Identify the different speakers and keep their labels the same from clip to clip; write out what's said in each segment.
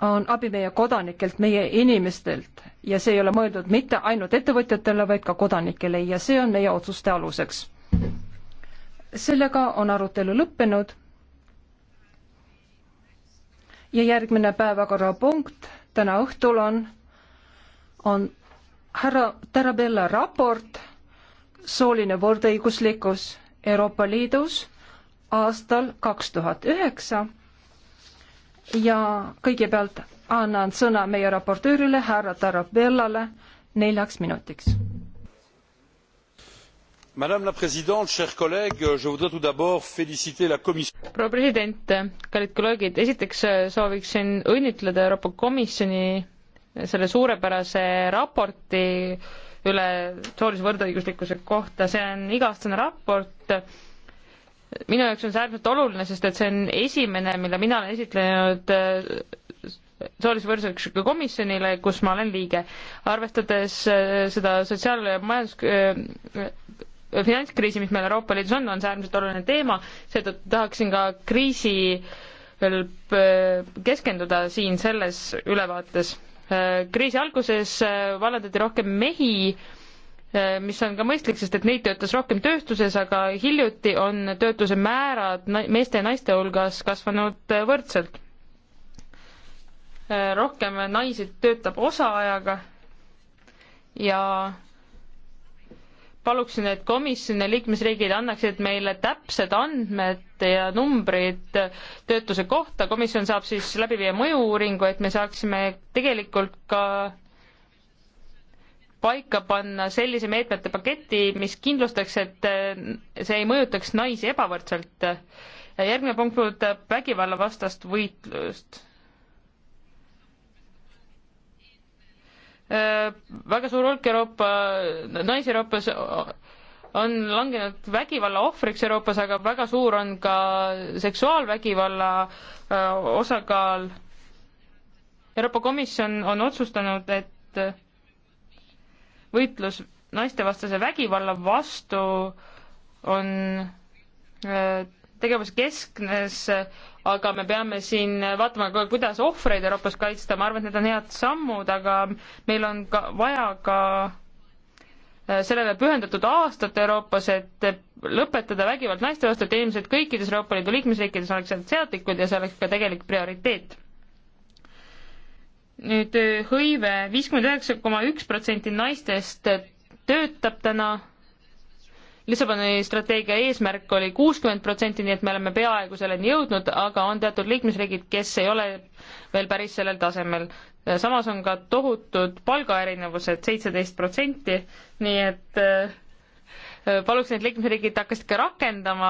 Speaker 1: on abi meie kodanikelt, meie inimestelt ja see ei ole mõeldud mitte ainult ettevõtjatele, vaid ka kodanikele ja see on meie otsuste aluseks. sellega on arutelu lõppenud. ja järgmine päevakorrapunkt täna õhtul on, on härra Tarabella raport Sooline võrdõiguslikkus Euroopa Liidus aastal kaks tuhat üheksa ja kõigepealt annan sõna meie raportöörile härra Tarabellale neljaks minutiks.
Speaker 2: Madame la présidente, chers collègues, je voudrais tout d'abord féliciter la commission.
Speaker 3: proua president, kallid kolleegid, esiteks sooviksin õnnitleda Euroopa Komisjoni selle suurepärase raporti üle soolise võrdõiguslikkuse kohta, see on iga-aastane raport minu jaoks on see äärmiselt oluline, sest et see on esimene, mille mina olen esitlenud äh, soolise võrdsusega komisjonile, kus ma olen liige. arvestades äh, seda sotsiaal- ja majandus- äh, finantskriisi, mis meil Euroopa Liidus on, on see äärmiselt oluline teema, seetõttu tahaksin ka kriisi keskenduda siin selles ülevaates. kriisi alguses vallandati rohkem mehi Äh, mis on ka mõistlik, sest et neid töötas rohkem tööstuses, aga hiljuti on töötuse määrad meeste ja naiste hulgas kasvanud äh, võrdselt. Äh, rohkem naisi töötab osaajaga ja paluksin, et komisjoni liikmesriigid annaksid meile täpsed andmed ja numbrid töötuse kohta, komisjon saab siis läbi viia mõju-uuringu, et me saaksime tegelikult ka paika panna sellise meetmete paketi, mis kindlustaks, et äh, see ei mõjutaks naisi ebavõrdselt. järgmine punkt puudutab vägivallavastast võitlust äh, väga suur hulk Euroopa, naisi Euroopas on langenud vägivalla ohvriks Euroopas, aga väga suur on ka seksuaalvägivalla äh, osakaal. Euroopa Komisjon on otsustanud, et võitlus naistevastase vägivalla vastu on äh, tegevuse keskmes, aga me peame siin vaatama ka, kuidas ohvreid Euroopas kaitsta, ma arvan, et need on head sammud, aga meil on ka vaja ka äh, sellele pühendatud aastat Euroopas, et lõpetada vägivald naiste vastu, et inimesed kõikides Euroopa Liidu liikmesriikides oleksid teadlikud ja see oleks ka tegelik prioriteet nüüd eh, hõive, viiskümmend üheksa koma üks protsenti naistest töötab täna. Lissaboni strateegia eesmärk oli kuuskümmend protsenti, nii et me oleme peaaegu selleni jõudnud, aga on teatud liikmesriigid, kes ei ole veel päris sellel tasemel. samas on ka tohutud palgaerinevused, seitseteist protsenti, nii et äh, Äh, paluks need liikmesriigid hakkasid ka rakendama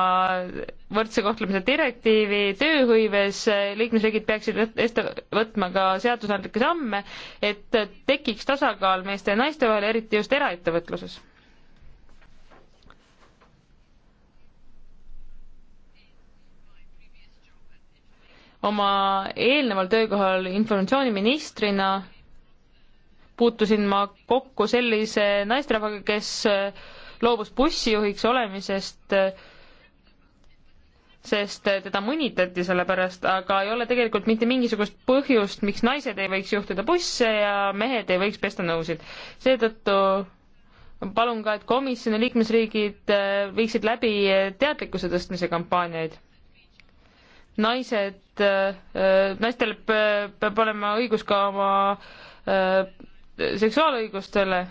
Speaker 3: võrdse kohtlemise direktiivi tööhõives, äh, liikmesriigid peaksid ette võtma ka seadusandlikke samme, et tekiks tasakaal meeste ja naiste vahel, eriti just eraettevõtluses oma eelneval töökohal informatsiooniministrina puutusin ma kokku sellise naisterahvaga, kes äh, loobus bussijuhiks olemisest, sest teda mõnitati selle pärast, aga ei ole tegelikult mitte mingisugust põhjust, miks naised ei võiks juhtida busse ja mehed ei võiks pesta nõusid. seetõttu palun ka, et komisjoni liikmesriigid äh, viiksid läbi teadlikkuse tõstmise kampaaniaid. naised, äh, äh, naistel peab olema õigus ka oma seksuaalõigustele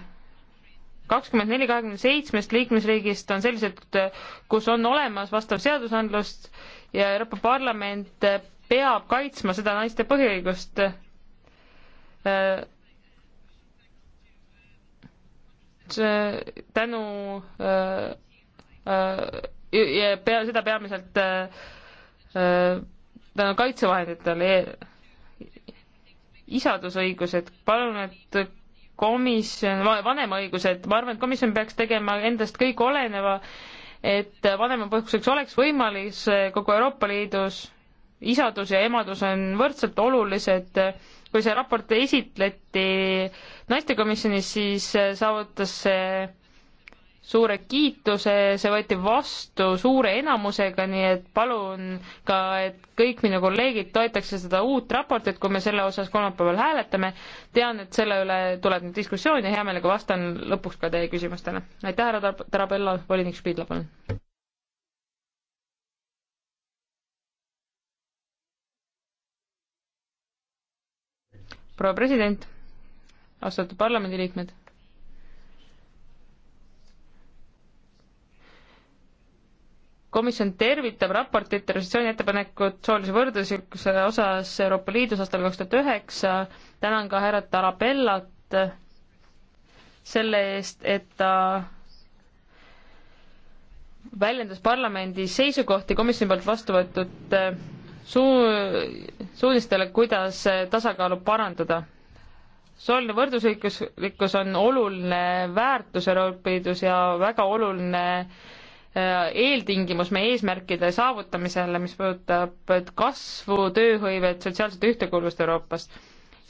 Speaker 3: kakskümmend neli kahekümne seitsmest liikmesriigist on sellised, kus on olemas vastav seadusandlust ja Euroopa Parlament peab kaitsma seda naiste põhiõigust. Äh, tänu äh, äh, ja pea, seda peamiselt tänu kaitsevahenditele isadusõigused, palun, et komisjon, vanemaõigused, ma arvan, et komisjon peaks tegema endast kõik oleneva, et vanemapuhkuseks oleks võimalus kogu Euroopa Liidus, isadus ja emadus on võrdselt olulised, kui see raport esitleti naistekomisjonis, siis saavutas see suure kiituse, see võeti vastu suure enamusega, nii et palun ka, et kõik minu kolleegid toetaks seda uut raportit, kui me selle osas kolmapäeval hääletame. tean, et selle üle tuleb nüüd diskussioon ja hea meelega vastan lõpuks ka teie küsimustele. aitäh, härra Tarabella, volinik Spiidla, palun. proua president, austatud parlamendiliikmed komisjon tervitab raportit resolutsiooni ettepanekut soolise võrdluslikkuse osas Euroopa Liidus aastal kaks tuhat üheksa. tänan ka härra Tarabellat selle eest, et ta väljendas parlamendi seisukohti komisjoni poolt vastu võetud eh, suu-, suunistele, kuidas tasakaalu parandada. sooline võrdluslikkus, on oluline väärtus Euroopa Liidus ja väga oluline äh, Äh, eeltingimus meie eesmärkide saavutamisele, mis puudutab kasvu, tööhõivet, sotsiaalset ühtekuuluvust Euroopas.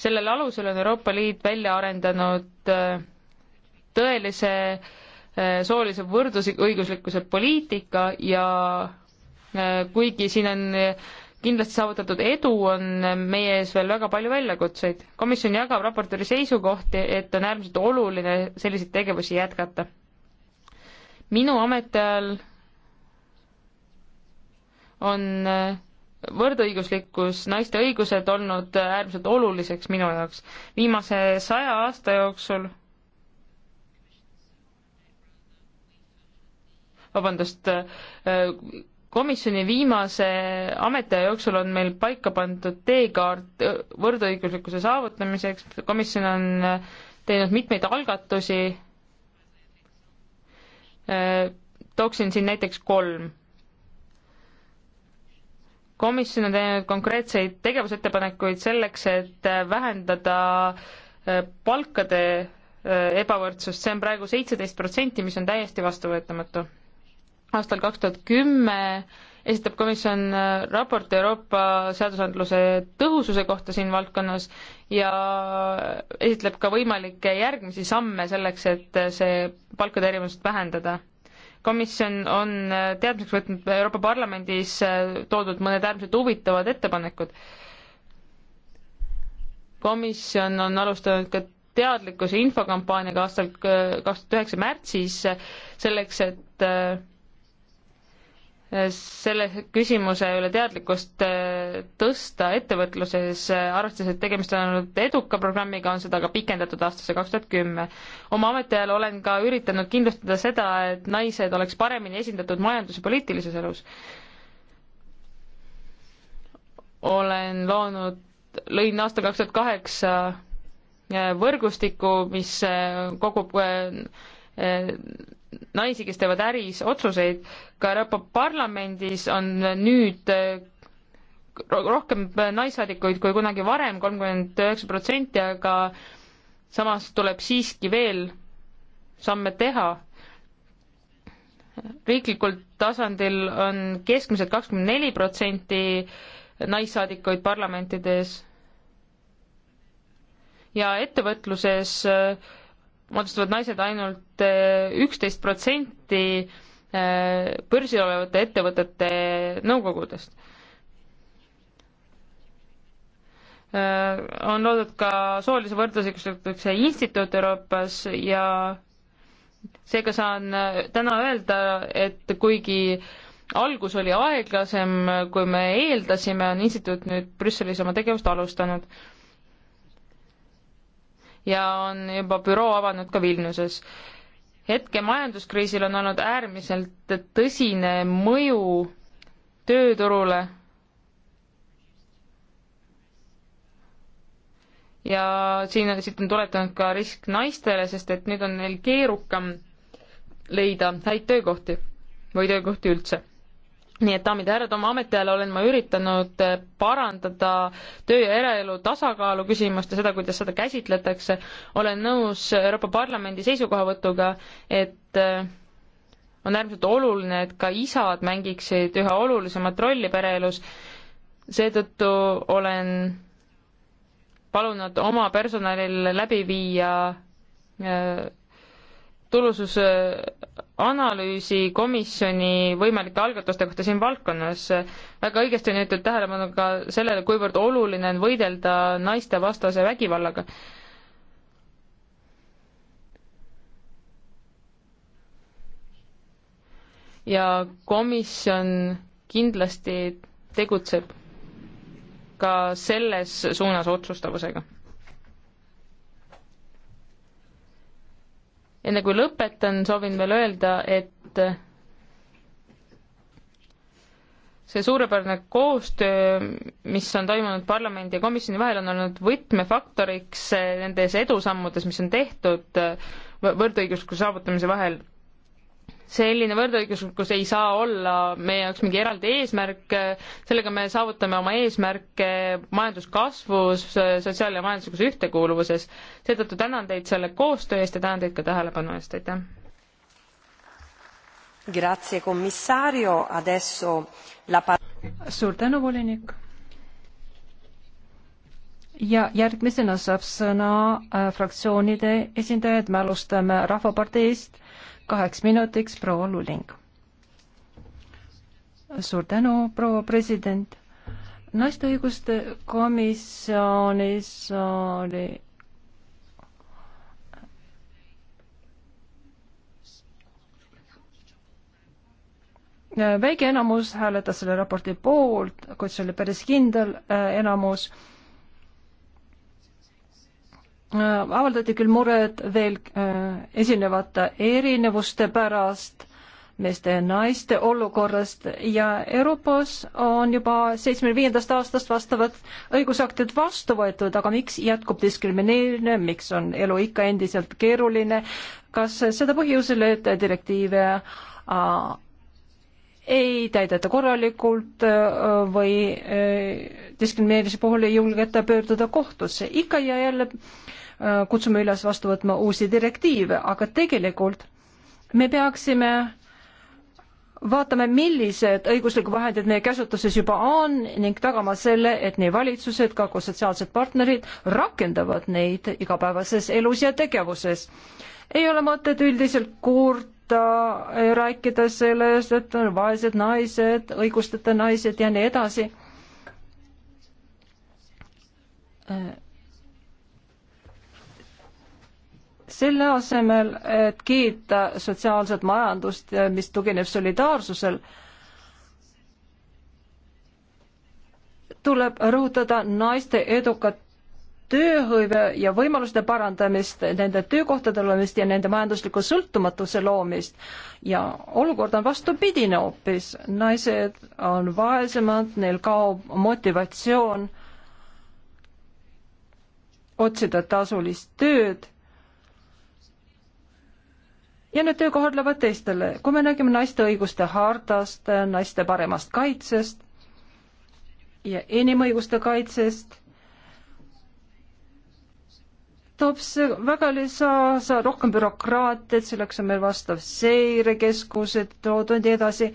Speaker 3: sellel alusel on Euroopa Liit välja arendanud äh, tõelise äh, soolise võrdusõiguslikkuse poliitika ja kuigi siin on kindlasti saavutatud edu, on meie ees veel väga palju väljakutseid. komisjon jagab raportööri seisukohti, et on äärmiselt oluline selliseid tegevusi jätkata minu ametiajal on äh, võrdõiguslikkus, naiste õigused olnud äh, äärmiselt oluliseks minu jaoks. viimase saja aasta jooksul vabandust, äh, komisjoni viimase ametiaja jooksul on meil paika pandud teekaart võrdõiguslikkuse saavutamiseks, komisjon on teinud mitmeid algatusi Äh, tooksin siin näiteks kolm. komisjon on teinud konkreetseid tegevusettepanekuid selleks, et äh, vähendada äh, palkade ebavõrdsust, see on praegu seitseteist protsenti, mis on täiesti vastuvõetamatu. aastal kaks tuhat kümme esitab komisjon äh, raporti Euroopa seadusandluse tõhususe kohta siin valdkonnas ja esitleb ka võimalikke järgmisi samme selleks, et äh, see palkade erinevust vähendada. komisjon on äh, teadmiseks võtnud Euroopa Parlamendis toodud mõned äärmiselt huvitavad ettepanekud. komisjon on alustanud ka teadlikkuse infokampaaniaga aastal kaks tuhat üheksa märtsis selleks, et selle küsimuse üle teadlikkust äh, tõsta ettevõtluses, äh, arvestades, et tegemist on olnud eduka programmiga, on seda ka pikendatud aastasse kaks tuhat kümme. oma ametiajal olen ka üritanud kindlustada seda, et naised oleks paremini esindatud majandus- ja poliitilises elus. olen loonud, lõin aastal kaks tuhat kaheksa äh, võrgustiku, mis kogub naisi, kes teevad äris otsuseid, ka Euroopa Parlamendis on nüüd äh, rohkem naissaadikuid kui kunagi varem, kolmkümmend üheksa protsenti, aga samas tuleb siiski veel samme teha. riiklikul tasandil on keskmiselt kakskümmend neli protsenti naissaadikuid parlamentides ja ettevõtluses äh, moodustavad naised ainult eh, üksteist protsenti eh, börsil olevate ettevõtete nõukogudest. Eh, on loodud ka soolise võrdlusõiguslikkuse instituut Euroopas ja seega saan täna öelda, et kuigi algus oli aeglasem, kui me eeldasime, on instituut nüüd Brüsselis oma tegevust alustanud ja on juba büroo avanud ka Vilniuses. hetke majanduskriisil on olnud äärmiselt tõsine mõju tööturule ja siin on, siit on tuletanud ka risk naistele, sest et nüüd on neil keerukam leida häid töökohti või töökohti üldse nii et daamid ja härrad, oma ametiajal olen ma üritanud eh, parandada töö ja eraelu tasakaalu küsimust ja seda, kuidas seda käsitletakse. olen nõus Euroopa Parlamendi seisukohavõtuga, et eh, on äärmiselt oluline, et ka isad mängiksid üha olulisemat rolli pereelus. seetõttu olen palunud oma personalil läbi viia eh, tulususe analüüsi komisjoni võimalike algatuste kohta siin valdkonnas. väga õigesti on jäetud tähelepanu ka sellele, kuivõrd oluline on võidelda naistevastase vägivallaga. ja komisjon kindlasti tegutseb ka selles suunas otsustavusega enne kui lõpetan, soovin veel öelda, et see suurepärane koostöö, mis on toimunud parlamendi ja komisjoni vahel, on olnud võtmefaktoriks nendes edusammudes, mis on tehtud võrdõiguslikkuse saavutamise vahel selline võrdõiguslikkus ei saa olla meie jaoks mingi eraldi eesmärk, sellega me saavutame oma eesmärke majanduskasvus, sotsiaal- ja majanduslikus ühtekuuluvuses. seetõttu tänan teid selle koostöö eest ja tänan teid ka tähelepanu eest, aitäh! Grazie
Speaker 4: commissario, adesso la par-. suur tänu, volinik!
Speaker 1: ja järgmisena saab sõna äh, fraktsioonide esindajad, me alustame Rahvaparteist kaheks minutiks proua Luling. suur tänu, proua president. naiste õiguste komisjonis oli väike enamus hääletas selle raporti poolt, kuid see oli päris kindel äh, enamus Äh, avaldati küll mured veel äh, esinevate erinevuste pärast, meeste ja naiste olukorrast ja Euroopas on juba seitsmekümne viiendast aastast vastavad õigusaktid vastu võetud, aga miks jätkub diskrimineerimine, miks on elu ikka endiselt keeruline, kas seda põhjusel, et direktiive äh, ei täideta korralikult äh, või äh, diskrimineerimise puhul ei julgeta pöörduda kohtusse, ikka ja jälle äh, kutsume üles vastu võtma uusi direktiive, aga tegelikult me peaksime vaatame, millised õiguslikud vahendid meie käsutuses juba on ning tagama selle, et nii valitsused ka kui sotsiaalsed partnerid rakendavad neid igapäevases elus ja tegevuses. ei ole mõtet üldiselt kuurta, äh, rääkida sellest, et on vaesed naised, õigusteta naised ja nii edasi äh selle asemel, et kiita sotsiaalset majandust, mis tugineb solidaarsusel, tuleb rõhutada naiste edukat tööhõive ja võimaluste parandamist, nende töökohtade loomist ja nende majandusliku sõltumatuse loomist. ja olukord on vastupidine hoopis, naised on vaesemad, neil kaob motivatsioon otsida tasulist tööd ja need töökohad lähevad teistele. kui me räägime naiste õiguste hardast, naiste paremast kaitsest ja inimõiguste kaitsest, toob see väga lisa, sa rohkem bürokraatiat, selleks on meil vastav seirekeskused, toodud ja nii edasi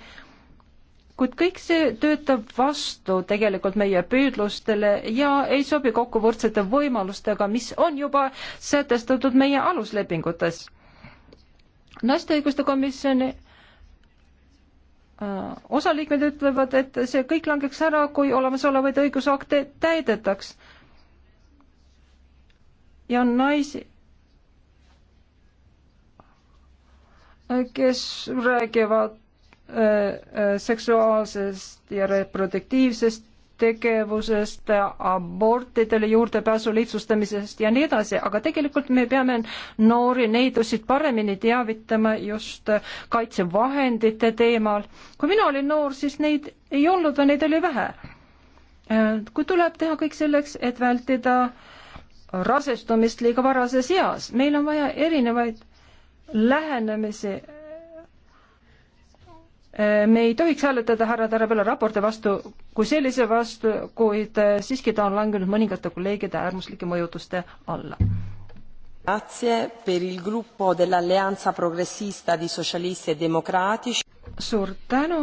Speaker 1: kuid kõik see töötab vastu tegelikult meie püüdlustele ja ei sobi kokku võrdsete võimalustega, mis on juba sätestatud meie aluslepingutes naiste õiguste komisjoni äh, osaliikmed ütlevad, et see kõik langeks ära, kui olemasolevaid õigusakte täidetaks. ja on naisi, äh, kes räägivad äh, seksuaalsest ja reproduktiivsest tegevusest, abortidele juurdepääsu lihtsustamisest ja nii edasi, aga tegelikult me peame noori neidusid paremini teavitama just kaitsevahendite teemal. kui mina olin noor, siis neid ei olnud või neid oli vähe. kui tuleb teha kõik selleks, et vältida rasestumist liiga varases eas, meil on vaja erinevaid lähenemisi Äh, me ei tohiks hääletada härra Tarabella raporti vastu kui sellise vastu, kuid äh, siiski ta on langenud mõningate kolleegide äärmuslike mõjutuste alla.
Speaker 4: E suur tänu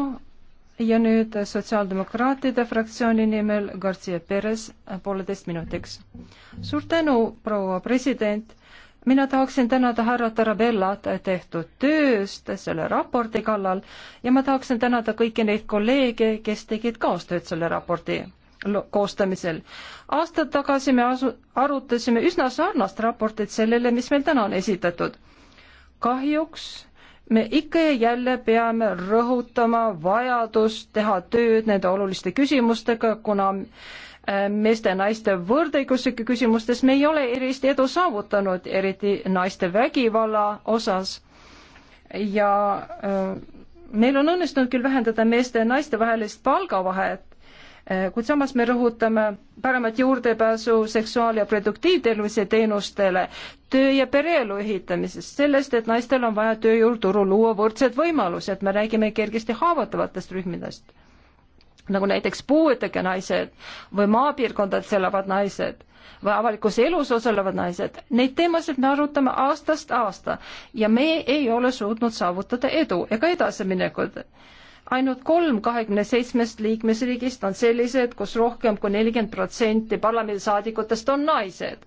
Speaker 4: ja
Speaker 1: nüüd Sotsiaaldemokraatide fraktsiooni nimel Garcia Perez äh, pooleteist minutiks. suur tänu, proua president mina tahaksin tänada härra Tarabellat tehtud tööst selle raporti kallal ja ma tahaksin tänada kõiki neid kolleege, kes tegid kaastööd selle raporti koostamisel. aastad tagasi me asu-, arutasime üsna sarnast raportit sellele, mis meil täna on esitatud. kahjuks me ikka ja jälle peame rõhutama vajadust teha tööd nende oluliste küsimustega, kuna meeste ja naiste võrdõiguslike küsimustes me ei ole eriti edu saavutanud, eriti naiste vägivalla osas. ja äh, meil on õnnestunud küll vähendada meeste ja naiste vahelist palgavahet, äh, kuid samas me rõhutame paremat juurdepääsu seksuaal- ja produktiivtervise teenustele, töö- ja pereelu ühitamisest, sellest, et naistel on vaja tööjõuturul luua võrdsed võimalused, me räägime kergesti haavatavatest rühmidest nagu näiteks puuetega naised või maapiirkondades elavad naised või avalikus elus osalevad naised, neid teemasid me arutame aastast aasta ja me ei ole suutnud saavutada edu ega edasiminekut. ainult kolm kahekümne seitsmest liikmesriigist on sellised, kus rohkem kui nelikümmend protsenti parlamendisaadikutest on naised.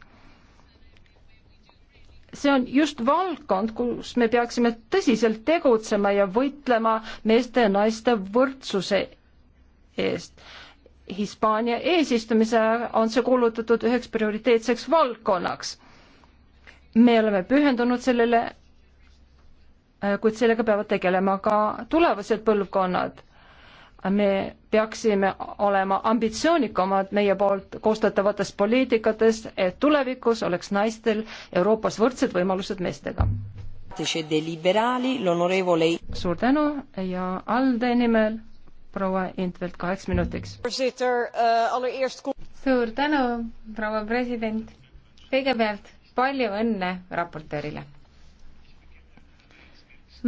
Speaker 1: see on just valdkond, kus me peaksime tõsiselt tegutsema ja võitlema meeste ja naiste võrdsuse eest. Hispaania eesistumise on see kuulutatud üheks prioriteetseks valdkonnaks. me oleme pühendunud sellele, äh, kuid sellega peavad tegelema ka tulevased põlvkonnad me peaksime olema ambitsioonikamad meie poolt koostatavates poliitikates, et tulevikus oleks naistel Euroopas võrdsed võimalused meestega. suur tänu ja ALDE nimel proua Intvelt kaheks minutiks.
Speaker 5: Eh, suur tänu, proua president. kõigepealt palju õnne raportöörile.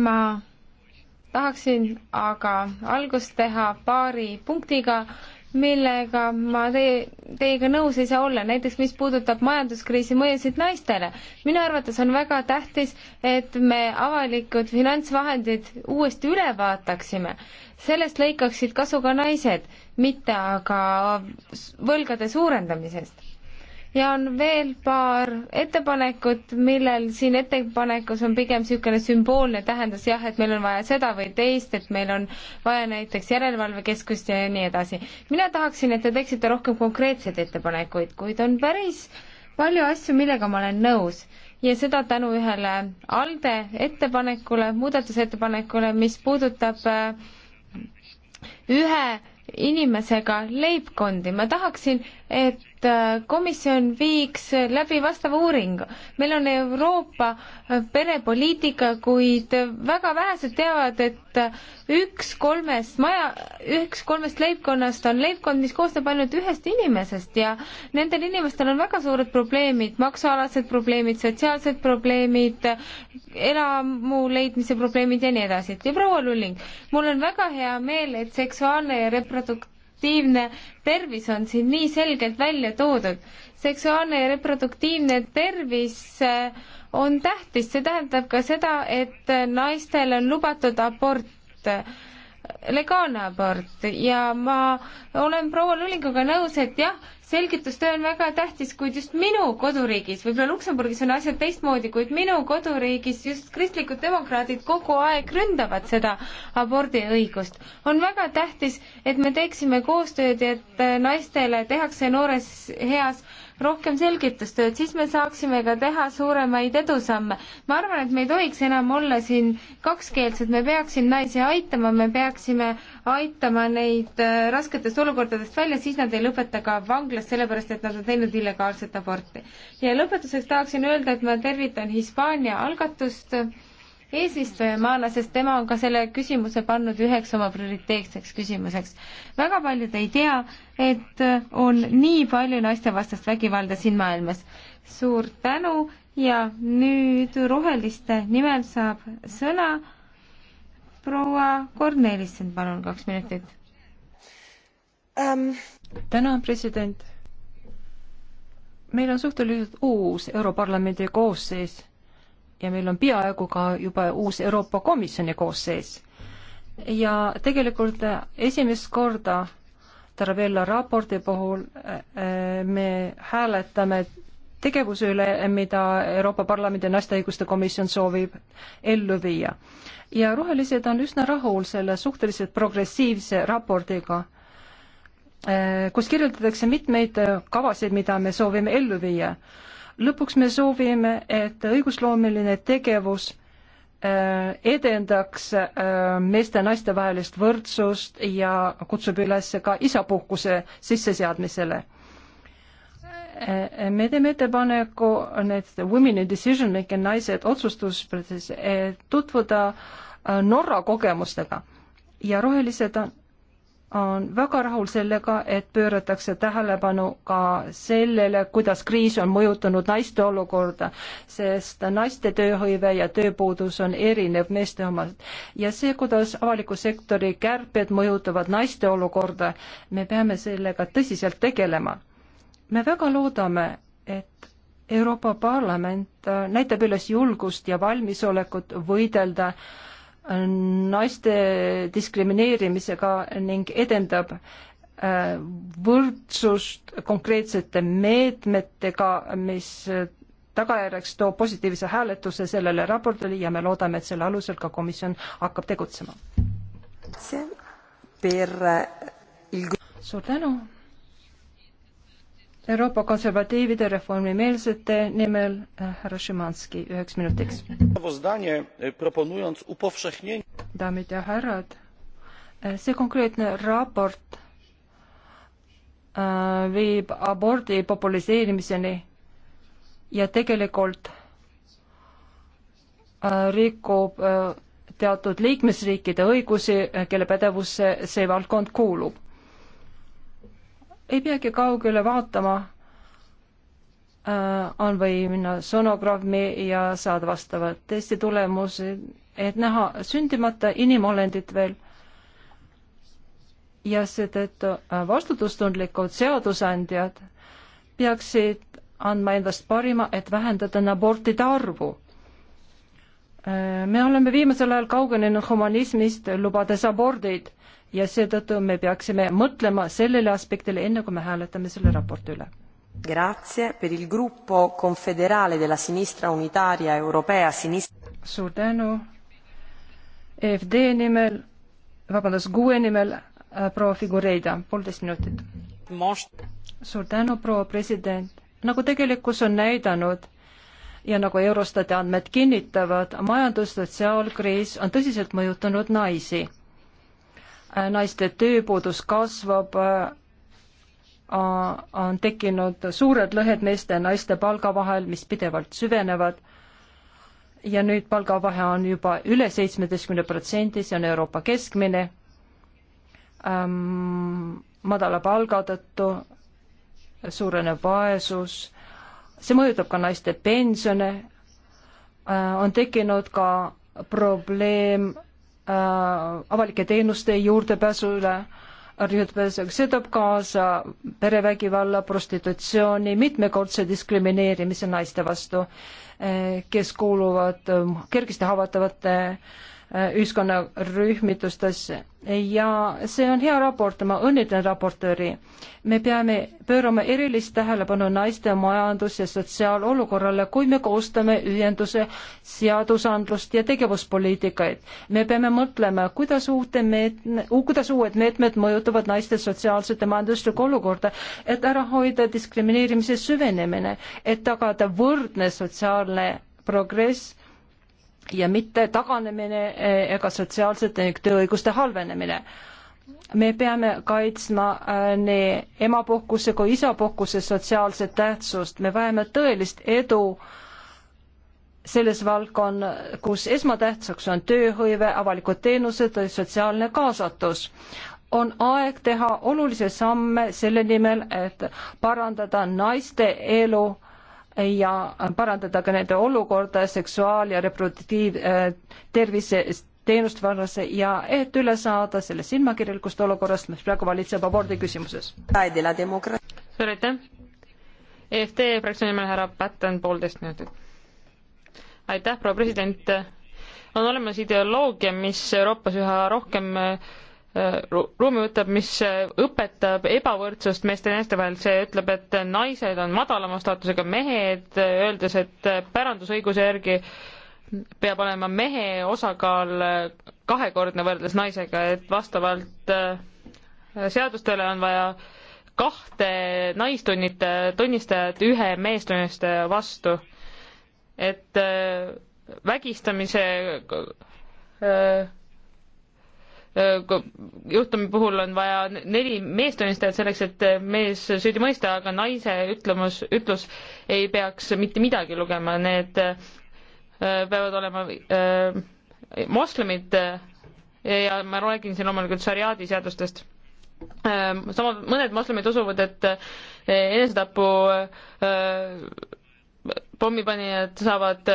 Speaker 5: ma tahaksin aga algust teha paari punktiga, millega ma teie, teiega nõus ei saa olla, näiteks mis puudutab majanduskriisi mõjusid naistele. minu arvates on väga tähtis, et me avalikud finantsvahendid uuesti üle vaataksime. sellest lõikaksid kasu ka naised, mitte aga võlgade suurendamisest ja on veel paar ettepanekut, millel siin ettepanekus on pigem niisugune sümboolne tähendus jah, et meil on vaja seda või teist, et meil on vaja näiteks järelevalvekeskust ja nii edasi. mina tahaksin, et te teeksite rohkem konkreetseid ettepanekuid, kuid on päris palju asju, millega ma olen nõus ja seda tänu ühele ALDE ettepanekule, muudatusettepanekule, mis puudutab äh, ühe inimesega leibkondi. ma tahaksin, et äh, komisjon viiks läbi vastava uuringu. meil on Euroopa äh, perepoliitika, kuid väga vähesed teavad, et äh, üks kolmest maja, üks kolmest leibkonnast on leibkond, mis koosneb ainult ühest inimesest ja nendel inimestel on väga suured probleemid, maksualased probleemid, sotsiaalsed probleemid, elamu leidmise probleemid ja nii edasi. ja proua Lulling, mul on väga hea meel, et seksuaalne ja reproduk-, reproduktiivne tervis on siin nii selgelt välja toodud. seksuaalne ja reproduktiivne tervis eh, on tähtis, see tähendab ka seda, et eh, naistel on lubatud abort eh, legaalne abort ja ma olen proua Lulinguga nõus, et jah, selgitustöö on väga tähtis, kuid just minu koduriigis, võib-olla Luksemburgis on asjad teistmoodi, kuid minu koduriigis just kristlikud demokraadid kogu aeg ründavad seda abordiõigust. on väga tähtis, et me teeksime koostööd, et äh, naistele tehakse noores heas rohkem selgitustööd, siis me saaksime ka teha suuremaid edusamme. ma arvan, et me ei tohiks enam olla siin kakskeelsed, me peaksime naisi aitama, me peaksime aitama neid äh, rasketest olukordadest välja, siis nad ei lõpeta ka vanglast, sellepärast et nad on teinud illegaalset aborti. ja lõpetuseks tahaksin öelda, et ma tervitan Hispaania algatust eesistujamaana, sest tema on ka selle küsimuse pannud üheks oma prioriteetseks küsimuseks. väga paljud ei tea, et on nii palju naistevastast vägivalda siin maailmas. suur tänu ja nüüd roheliste nimel saab sõna proua Kornelissen, palun, kaks minutit um.... tänan, president.
Speaker 1: meil on suhteliselt uus Europarlamendi koosseis ja meil on peaaegu ka juba uus Euroopa Komisjoni koosseis. ja tegelikult esimest korda Tarabella raporti puhul äh, äh, me hääletame tegevuse üle, mida Euroopa Parlamendi naiste õiguste komisjon soovib ellu viia. ja rohelised on üsna rahul selle suhteliselt progressiivse raportiga, eh, kus kirjeldatakse mitmeid kavasid, mida me soovime ellu viia. lõpuks me soovime, et õigusloomeline tegevus eh, edendaks eh, meeste ja naiste vahelist võrdsust ja kutsub üles ka isapuhkuse sisseseadmisele Eh, me teeme ettepaneku need Women in Decision Making naised otsustusprotsessi eh, tutvuda eh, Norra kogemustega ja rohelised on, on väga rahul sellega, et pööratakse tähelepanu ka sellele, kuidas kriis on mõjutanud naiste olukorda, sest naiste tööhõive ja tööpuudus on erinev meeste omast. ja see, kuidas avaliku sektori kärped mõjutavad naiste olukorda, me peame sellega tõsiselt tegelema me väga loodame, et Euroopa Parlament äh, näitab üles julgust ja valmisolekut võidelda äh, naiste diskrimineerimisega ning edendab äh, võrdsust konkreetsete meetmetega, mis tagajärjeks toob positiivse hääletuse sellele raportile ja me loodame, et selle alusel ka komisjon hakkab tegutsema. suur tänu Euroopa konservatiivide reformimeelsete nimel äh, härra Šimanski üheks minutiks. E, daamid ja härrad, e, see konkreetne raport e, viib abordi populiseerimiseni ja tegelikult rikub teatud liikmesriikide õigusi, kelle pädevusse see valdkond kuulub ei peagi kaugele vaatama äh,. on või minna sonogrammi ja saada vastavad testi tulemused, et näha sündimata inimolendit veel. ja seetõttu äh, vastutustundlikud seadusandjad peaksid andma endast parima, et vähendada abortide arvu äh, me oleme viimasel ajal kaugenenud humanismist, lubades abordid ja seetõttu me peaksime mõtlema sellele aspektile, enne kui me hääletame selle raporti
Speaker 4: üle. Grazie per il gruppo confederale della sinistra unitaria europea sinistra. suur tänu. EFD nimel,
Speaker 1: vabandust, GUE nimel äh, proua Figureida, poolteist minutit. suur tänu, proua president. nagu tegelikkus on näidanud ja nagu Eurostati andmed kinnitavad, majandus- ja sotsiaalkriis on tõsiselt mõjutanud naisi Äh, naiste tööpuudus kasvab, äh, on tekkinud suured lõhed meeste ja naiste palga vahel, mis pidevalt süvenevad ja nüüd palgavahe on juba üle seitsmeteistkümne protsendi, see on Euroopa keskmine ähm,. madala palga tõttu suureneb vaesus, see mõjutab ka naiste pensione äh,, on tekkinud ka probleem Äh, avalike teenuste juurdepääsu üle juurdepääsuga, see toob kaasa perevägivalla, prostitutsiooni, mitmekordse diskrimineerimise naiste vastu, äh, kes kuuluvad äh, kergesti haavatavate Äh, ühiskonnarühmitustes ja see on hea raport, ma õnnitlen raportööri. me peame pöörama erilist tähelepanu naiste majandus- ja sotsiaalolukorrale, kui me koostame ühenduse seadusandlust ja tegevuspoliitikaid. me peame mõtlema, kuidas uute meetme, kuidas uued meetmed mõjutavad naiste sotsiaalset ja majanduslikku olukorda, et ära hoida diskrimineerimise süvenemine, et tagada võrdne sotsiaalne progress ja mitte taganemine e, ega sotsiaalsete tööõiguste halvenemine. me peame kaitsma e, nii emapuhkuse kui isapuhkuse sotsiaalset tähtsust, me vajame tõelist edu selles valdkonna, kus esmatähtsaks on tööhõive, avalikud teenused, sotsiaalne kaasatus on aeg teha olulisi samme selle nimel, et parandada naiste elu ja parandada ka nende olukorda seksuaal- ja reproduktiivtervise äh, teenust varrase ja et üle saada sellest silmakirjalikust olukorrast, mis praegu valitseb abordi küsimuses.
Speaker 3: suur aitäh! EFT fraktsiooni nimel härra Patten, poolteist minutit. aitäh, proua president! on olemas ideoloogia, mis Euroopas üha rohkem ruumi võtab, mis õpetab ebavõrdsust meeste ja naiste vahel, see ütleb, et naised on madalama staatusega mehed, öeldes, et pärandusõiguse järgi peab olema mehe osakaal kahekordne võrreldes naisega, et vastavalt äh, seadustele on vaja kahte naistunnit-, tunnistajat ühe meestunnistaja vastu. et äh, vägistamise äh, Äh, juhtumi puhul on vaja neli meestunnistajat selleks, et äh, mees süüdi mõista, aga naise ütlemus, ütlus ei peaks mitte midagi lugema, need äh, peavad olema moslemid ja ma räägin siin loomulikult šariaadi seadustest. Ähm, sama, mõned moslemid usuvad, et enesetapu pommipanijad saavad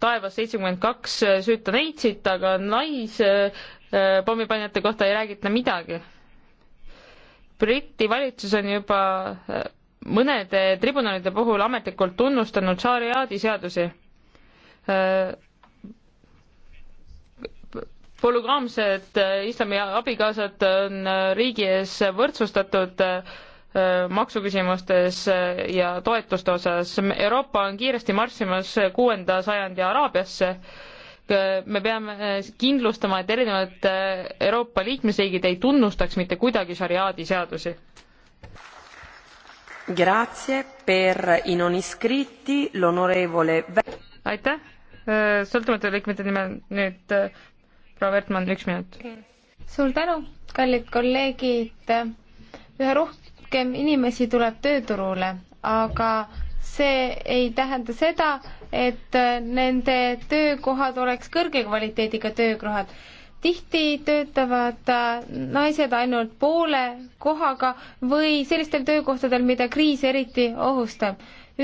Speaker 3: taevas seitsekümmend kaks süüta neitsit, aga nais Äh, pommipanijate kohta ei räägita midagi. Briti valitsus on juba äh, mõnede tribunalide puhul ametlikult tunnustanud šariaadi seadusi. Äh, polügaamsed islami abikaasad on riigi ees võrdsustatud maksuküsimustes ja toetuste osas. Euroopa on kiiresti marssimas kuuenda sajandi Araabiasse me peame äh, kindlustama, et erinevad äh, Euroopa liikmesriigid ei tunnustaks mitte kuidagi šariaadi seadusi.
Speaker 4: aitäh, äh,
Speaker 3: sõltumatute liikmete nimel nüüd proua Vertmann, üks minut.
Speaker 4: suur
Speaker 5: tänu, kallid kolleegid. üha rohkem inimesi tuleb tööturule, aga see ei tähenda seda, et äh, nende töökohad oleks kõrge kvaliteediga töökohad. tihti töötavad äh, naised ainult poole kohaga või sellistel töökohtadel, mida kriis eriti ohustab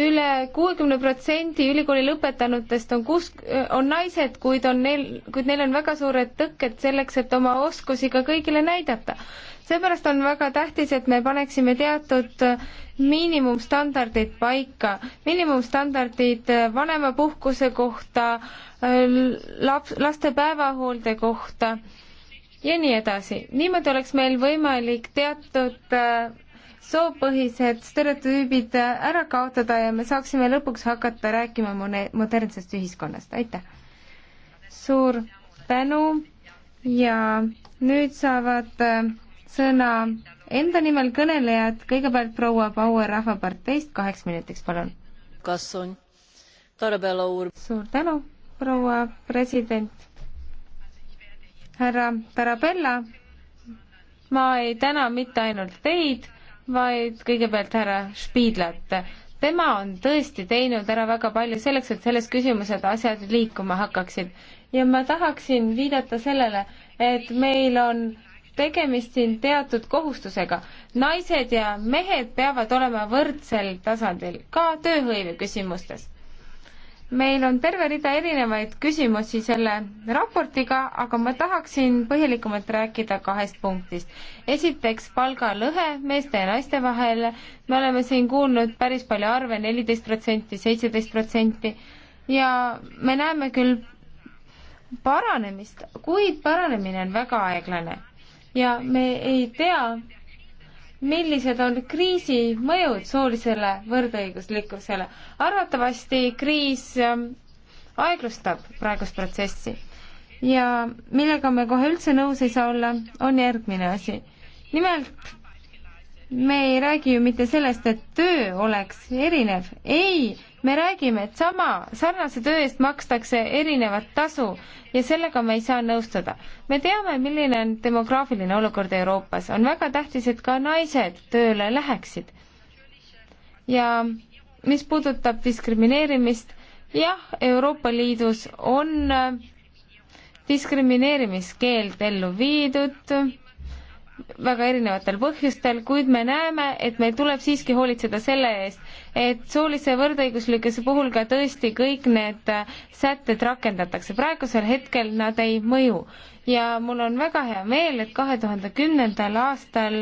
Speaker 5: üle kuuekümne protsendi ülikooli lõpetanutest on kus, on naised, kuid on neil, kuid neil on väga suured tõkked selleks, et oma oskusi ka kõigile näidata seepärast on väga tähtis, et me paneksime teatud miinimumstandardid paika, miinimumstandardid vanemapuhkuse kohta, laps, laste päevahoolde kohta ja nii edasi. niimoodi oleks meil võimalik teatud äh, soopõhised stereotüübid äh, ära kaotada ja me saaksime lõpuks hakata rääkima modernsest ühiskonnast, aitäh! suur tänu ja nüüd saavad äh, sõna enda nimel kõnelejad, kõigepealt proua Bauer Rahvaparteist kaheks minutiks, palun. suur tänu, proua president. härra Tarabella, ma ei täna mitte ainult teid, vaid kõigepealt härra Spiidlat tema on tõesti teinud ära väga palju selleks, et selles küsimuses asjad liikuma hakkaksid. ja ma tahaksin viidata sellele, et meil on tegemist siin teatud kohustusega. naised ja mehed peavad olema võrdsel tasandil, ka tööhõive küsimustes. meil on terve rida erinevaid küsimusi selle raportiga, aga ma tahaksin põhjalikumalt rääkida kahest punktist. esiteks palgalõhe meeste ja naiste vahel. me oleme siin kuulnud päris palju arve, neliteist protsenti, seitseteist protsenti ja me näeme küll paranemist, kuid paranemine on väga aeglane ja me ei tea, millised on kriisi mõjud soolisele võrdõiguslikkusele. arvatavasti kriis ähm, aeglustab praegust protsessi ja millega me kohe üldse nõus ei saa olla, on järgmine asi. nimelt me ei räägi ju mitte sellest, et töö oleks erinev, ei, me räägime, et sama, sarnase töö eest makstakse erinevat tasu ja sellega me ei saa nõustuda. me teame, milline on demograafiline olukord Euroopas, on väga tähtis, et ka naised tööle läheksid. ja mis puudutab diskrimineerimist, jah, Euroopa Liidus on diskrimineerimiskeeld ellu viidud väga erinevatel põhjustel, kuid me näeme, et meil tuleb siiski hoolitseda selle eest, et soolise võrdõiguslikkuse puhul ka tõesti kõik need sätted rakendatakse. praegusel hetkel nad ei mõju ja mul on väga hea meel, et kahe tuhande kümnendal aastal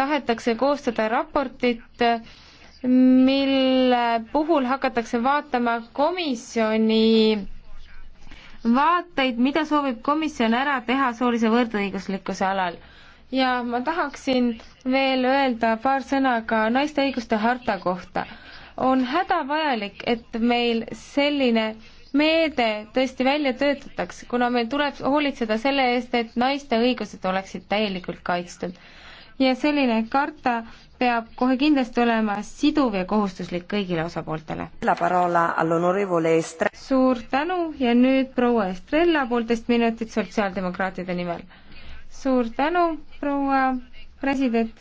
Speaker 5: tahetakse koostada raportit, mille puhul hakatakse vaatama komisjoni vaateid, mida soovib komisjon ära teha soolise võrdõiguslikkuse alal. ja ma tahaksin veel öelda paar sõna ka naiste õiguste harta kohta. on hädavajalik, et meil selline meede tõesti välja töötataks, kuna meil tuleb hoolitseda selle eest, et naiste õigused oleksid täielikult kaitstud ja selline karta peab kohe kindlasti olema siduv ja kohustuslik kõigile osapooltele. suur tänu ja nüüd proua Estrella poolteist minutit sotsiaaldemokraatide nimel. suur tänu, proua president.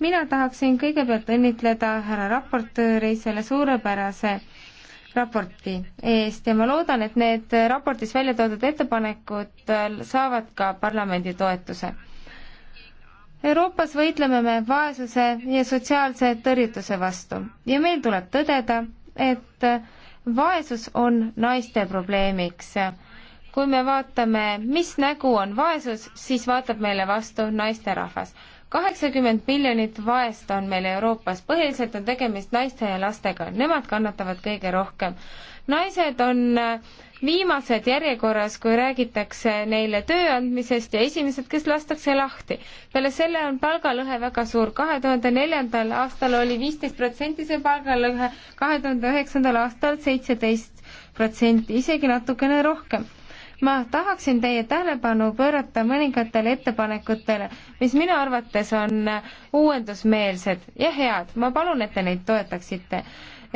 Speaker 5: mina tahaksin kõigepealt õnnitleda härra raportööri selle suurepärase raporti eest ja ma loodan, et need raportis välja toodud ettepanekud saavad ka parlamendi toetuse Euroopas võitleme me vaesuse ja sotsiaalse tõrjutuse vastu ja meil tuleb tõdeda, et vaesus on naiste probleemiks. kui me vaatame, mis nägu on vaesus, siis vaatab meile vastu naisterahvas. kaheksakümmend miljonit vaest on meil Euroopas, põhiliselt on tegemist naiste ja lastega, nemad kannatavad kõige rohkem naised on äh, viimased järjekorras, kui räägitakse neile töö andmisest ja esimesed, kes lastakse lahti. peale selle on palgalõhe väga suur, kahe tuhande neljandal aastal oli viisteist protsenti see palgalõhe, kahe tuhande üheksandal aastal seitseteist protsenti, isegi natukene rohkem ma tahaksin teie tähelepanu pöörata mõningatele ettepanekutele, mis minu arvates on äh, uuendusmeelsed ja head. ma palun, et te neid toetaksite.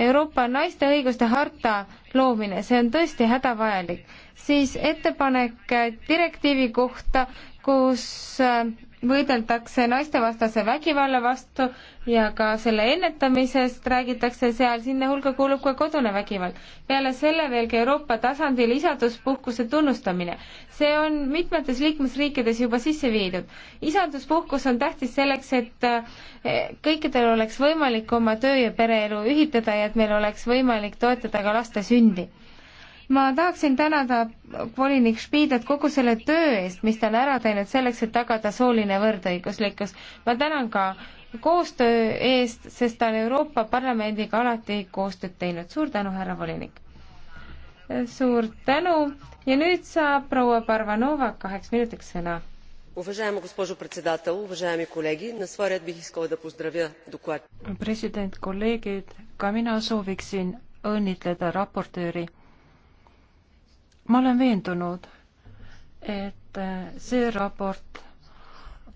Speaker 5: Euroopa naiste õiguste harta loomine, see on tõesti hädavajalik, siis ettepanek direktiivi kohta, kus äh, võideldakse naistevastase vägivalla vastu ja ka selle ennetamisest räägitakse seal, sinna hulka kuulub ka kodune vägivald. peale selle veel ka Euroopa tasandil isaduspuhkuse tunnustamine. see on mitmetes liikmesriikides juba sisse viidud. isaduspuhkus on tähtis selleks, et äh, kõikidel oleks võimalik oma töö ja pereelu ühitada ja et meil oleks võimalik toetada ka laste sündi ma tahaksin tänada volinik Spiidat kogu selle töö eest, mis ta on ära teinud selleks, et tagada sooline võrdõiguslikkus. ma tänan ka koostöö eest, sest ta on Euroopa Parlamendiga alati koostööd teinud. suur tänu, härra volinik! suur tänu ja nüüd saab proua Parvanova kaheks minutiks sõna.
Speaker 4: Уважаема госпожо председател, уважаеми колеги, на свой ред бих искала да поздравя доклад. Президент,
Speaker 1: колегид, ka mina sooviksin õnnitleda raportööri ma olen veendunud, et äh, see raport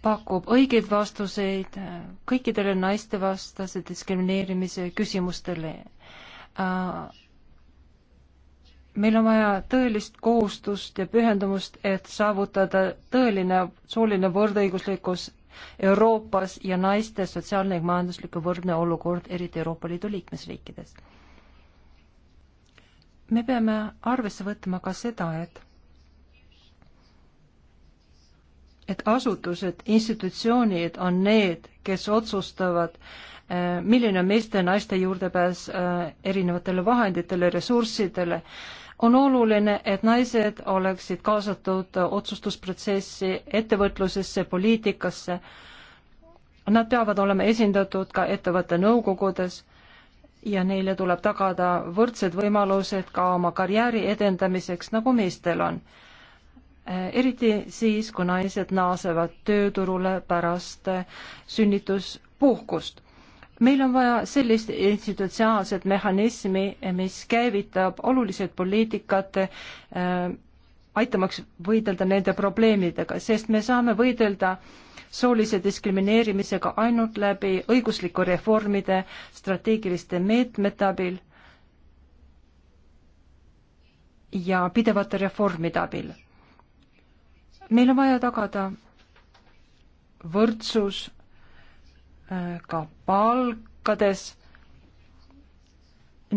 Speaker 1: pakub õigeid vastuseid äh, kõikidele naistevastase diskrimineerimise küsimustele. Äh, meil on vaja tõelist kohustust ja pühendumust, et saavutada tõeline sooline võrdõiguslikkus Euroopas ja naiste sotsiaalne ja majanduslik võrdne olukord, eriti Euroopa Liidu liikmesriikides me peame arvesse võtma ka seda, et et asutused, institutsioonid on need, kes otsustavad, äh, milline on meeste ja naiste juurdepääs äh, erinevatele vahenditele, ressurssidele. on oluline, et naised oleksid kaasatud äh, otsustusprotsessi, ettevõtlusesse, poliitikasse. Nad peavad olema esindatud ka ettevõtte nõukogudes ja neile tuleb tagada võrdsed võimalused ka oma karjääri edendamiseks, nagu meestel on. eriti siis, kui naised naasevad tööturule pärast sünnituspuhkust. meil on vaja sellist institutsiaalset mehhanismi, mis käivitab olulised poliitikad äh, aitamaks võidelda nende probleemidega, sest me saame võidelda soolise diskrimineerimisega ainult läbi õigusliku reformide strateegiliste meetmete abil ja pidevate reformide abil. meil on vaja tagada võrdsus äh, ka palkades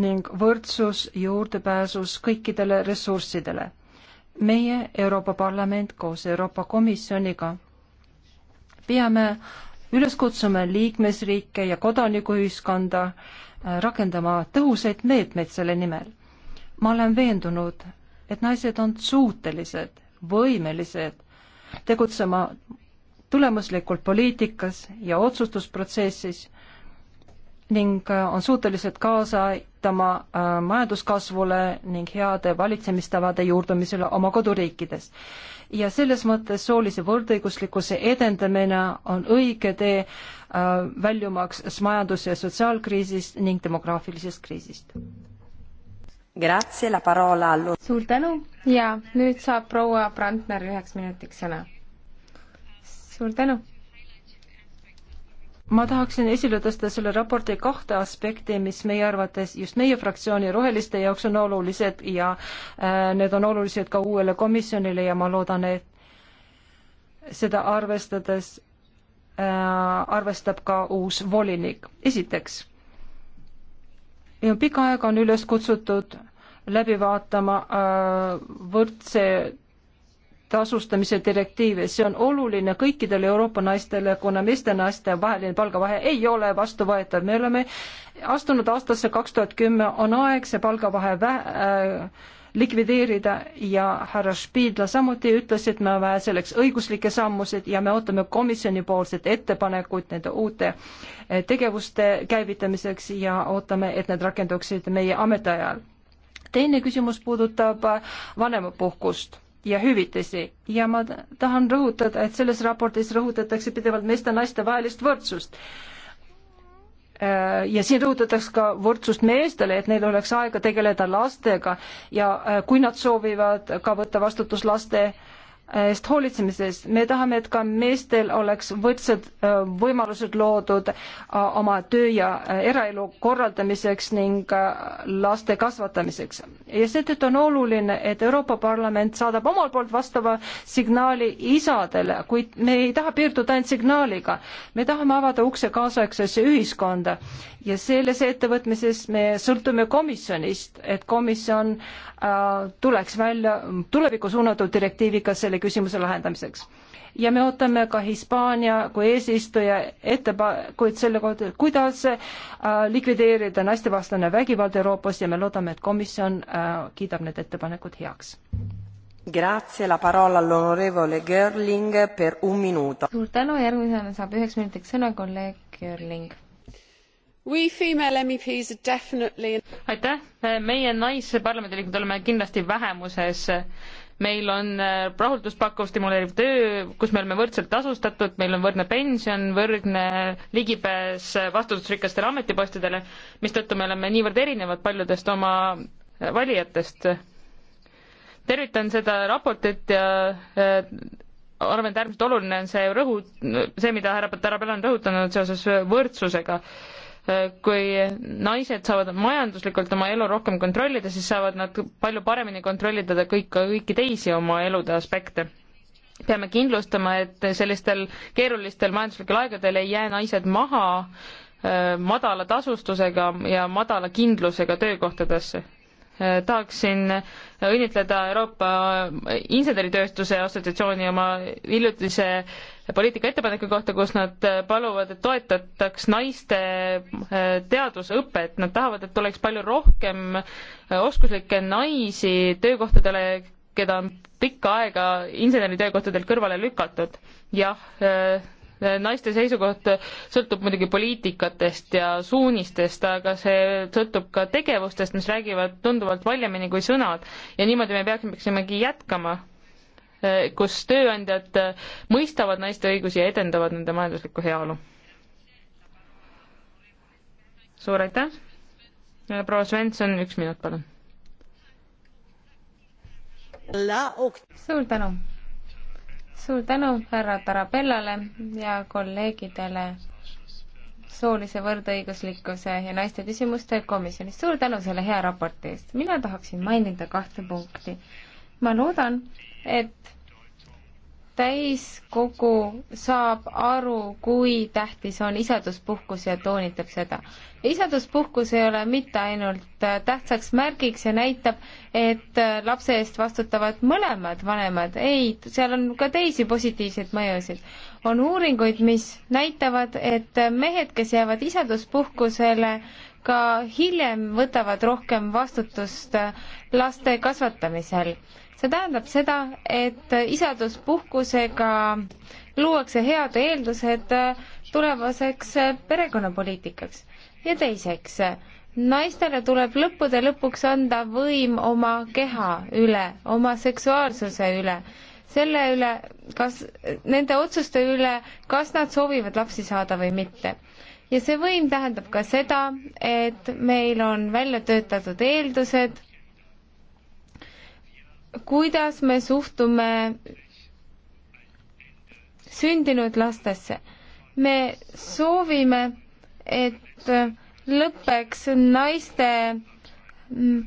Speaker 1: ning võrdsus juurdepääsus kõikidele ressurssidele meie, Euroopa Parlament koos Euroopa Komisjoniga peame üles kutsuma liikmesriike ja kodanikuühiskonda äh, rakendama tõhusaid meetmeid selle nimel. ma olen veendunud, et naised on suutelised, võimelised tegutsema tulemuslikult poliitikas ja otsustusprotsessis ning äh, on suutelised kaasa aitama äh, majanduskasvule ning heade valitsemistavade juurdumisele oma koduriikides. ja selles mõttes soolise võrdõiguslikkuse edendamine on õige tee äh, väljumaks majandus- ja
Speaker 4: sotsiaalkriisist ning demograafilisest kriisist. suur tänu
Speaker 5: ja nüüd saab proua Brandner üheks minutiks sõna. suur tänu ma tahaksin esile tõsta selle raporti kahte
Speaker 1: aspekti, mis meie arvates just meie fraktsiooni roheliste jaoks on olulised ja äh, need on olulised ka uuele komisjonile ja ma loodan, et seda arvestades äh, arvestab ka uus volinik. esiteks, pikka aega on üles kutsutud läbi vaatama äh, võrdse tasustamise direktiivi, see on oluline kõikidele Euroopa naistele, kuna meeste naiste vaheline palgavahe ei ole vastuvõetav, me oleme astunud aastasse kaks tuhat kümme, on aeg see palgavahe vä- äh,, likvideerida ja härra Spiidla samuti ütles, et me vaja selleks õiguslikke sammusid ja me ootame komisjonipoolset ettepanekut nende uute äh, tegevuste käivitamiseks ja ootame, et need rakenduksid meie ametiajal. teine küsimus puudutab äh, vanemapuhkust ja hüvitisi ja ma tahan rõhutada, et selles raportis rõhutatakse pidevalt meeste-naiste vahelist võrdsust. Äh, ja siin rõhutatakse ka võrdsust meestele, et neil oleks aega tegeleda lastega ja äh, kui nad soovivad ka võtta vastutus laste äh, eest hoolitsemises. me tahame, et ka meestel oleks võrdsed äh, võimalused loodud äh, oma töö ja äh, eraelu korraldamiseks ning laste kasvatamiseks. ja seetõttu on oluline, et Euroopa Parlament saadab omalt poolt vastava signaali isadele, kuid me ei taha piirduda ainult signaaliga. me tahame avada ukse kaasaegsesse ühiskonda ja selles ettevõtmises me sõltume komisjonist, et komisjon äh, tuleks välja tulevikku suunatud direktiiviga selle selle küsimuse lahendamiseks. ja me ootame ka Hispaania kui eesistuja ettepanekuid selle kohta, kuidas äh, likvideerida naistevastane vägivald Euroopas ja me loodame, et komisjon äh, kiidab need ettepanekud
Speaker 4: heaks. Grazie, la parola all'onorevole Görling per un minuto. suur tänu, järgmisena saab üheks minutiks sõna kolleeg
Speaker 3: Görling aitäh meie naisparlamendiliikmed oleme kindlasti vähemuses meil on äh, rahulduspakkuv stimuleeriv töö, kus me oleme võrdselt tasustatud, meil on võrdne pension, võrdne ligipääs äh, vastutusrikastele ametipostidele, mistõttu me oleme niivõrd erinevad paljudest oma äh, valijatest. tervitan seda raportit ja arvan, et äärmiselt oluline on see rõhu, see, mida härra Tarabella on rõhutanud seoses võrdsusega kui naised saavad majanduslikult oma elu rohkem kontrollida, siis saavad nad palju paremini kontrollida kõik, kõiki teisi oma elude aspekte. peame kindlustama, et sellistel keerulistel majanduslikel aegadel ei jää naised maha äh, madala tasustusega ja madala kindlusega töökohtadesse äh, tahaksin õnnitleda Euroopa Inseneritööstuse Assotsiatsiooni oma hiljutise poliitika ettepaneku kohta, kus nad äh, paluvad, et toetataks naiste äh, teadusõpet, nad tahavad, et oleks palju rohkem äh, oskuslikke naisi töökohtadele, keda on pikka aega inseneritöökohtadelt kõrvale lükatud. jah, naiste seisukoht sõltub muidugi poliitikatest ja suunistest, aga see sõltub ka tegevustest, mis räägivad tunduvalt valjemini kui sõnad ja niimoodi me peaksimegi jätkama Eh, kus tööandjad eh, mõistavad naiste õigusi ja edendavad nende majanduslikku heaolu. suur aitäh. proua Svensson, üks minut, palun.
Speaker 5: suur tänu. suur tänu härra Tarabellale ja kolleegidele soolise võrdõiguslikkuse ja naiste küsimuste komisjonist. suur tänu selle hea raporti eest. mina tahaksin mainida kahte punkti. ma loodan, et täiskogu saab aru, kui tähtis on isaduspuhkus ja toonitab seda. isaduspuhkus ei ole mitte ainult äh, tähtsaks märgiks ja näitab, et äh, lapse eest vastutavad mõlemad vanemad, ei, seal on ka teisi positiivseid mõjusid. on uuringuid, mis näitavad, et äh, mehed, kes jäävad isaduspuhkusele, ka hiljem võtavad rohkem vastutust laste kasvatamisel see tähendab seda, et isaduspuhkusega luuakse head eeldused tulevaseks perekonnapoliitikaks. ja teiseks, naistele tuleb lõppude lõpuks anda võim oma keha üle, oma seksuaalsuse üle, selle üle, kas, nende otsuste üle, kas nad soovivad lapsi saada või mitte ja see võim tähendab ka seda, et meil on välja töötatud eeldused kuidas me suhtume sündinud lastesse. me soovime, et lõpeks naiste mm,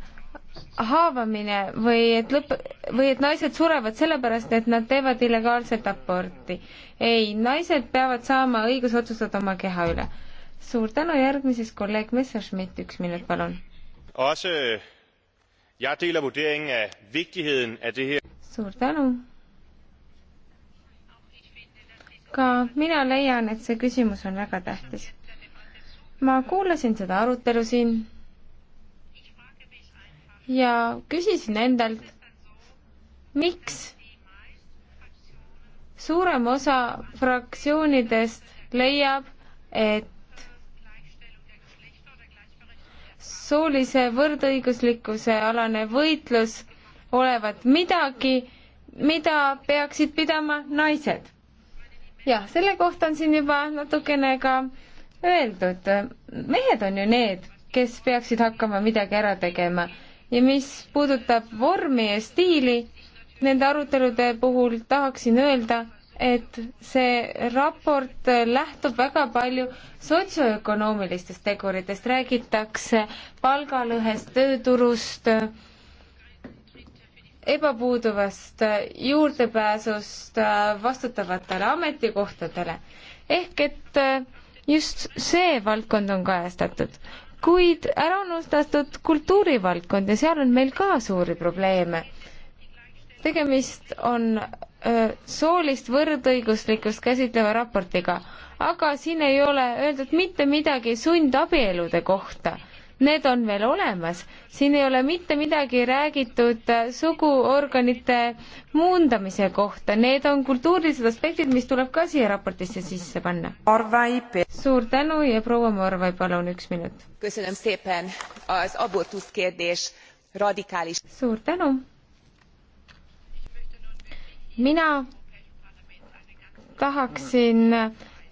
Speaker 5: haavamine või et lõpp, või et naised surevad sellepärast, et nad teevad illegaalset aborti. ei, naised peavad saama õiguse otsustada oma keha üle. suur tänu, järgmises kolleeg Messerschmidt, üks minut, palun.
Speaker 1: Jeg deler vurderingen af vigtigheden af det her.
Speaker 5: Suur tänu. Ka mina leian, et see küsimus on väga tähtis. Ma kuulasin seda arutelu siin ja küsisin endalt, miks suurem osa fraktsioonidest leiab, et soolise võrdõiguslikkuse alane võitlus olevat midagi, mida peaksid pidama naised. jah, selle kohta on siin juba natukene ka öeldud, mehed on ju need, kes peaksid hakkama midagi ära tegema ja mis puudutab vormi ja stiili, nende arutelude puhul tahaksin öelda, et see raport lähtub väga palju sotsioökonoomilistest teguritest, räägitakse palgalõhest, tööturust, ebapuuduvast juurdepääsust vastutavatele ametikohtadele. ehk et just see valdkond on kajastatud kuid ära unustatud kultuurivaldkond ja seal on meil ka suuri probleeme. tegemist on soolist võrdõiguslikkust käsitleva raportiga, aga siin ei ole öeldud mitte midagi sundabielude kohta. Need on veel olemas, siin ei ole mitte midagi räägitud äh, suguorganite muundamise kohta, need on kultuurilised aspektid, mis tuleb ka siia raportisse sisse panna. suur tänu ja proua Morvai, palun üks minut. suur tänu mina tahaksin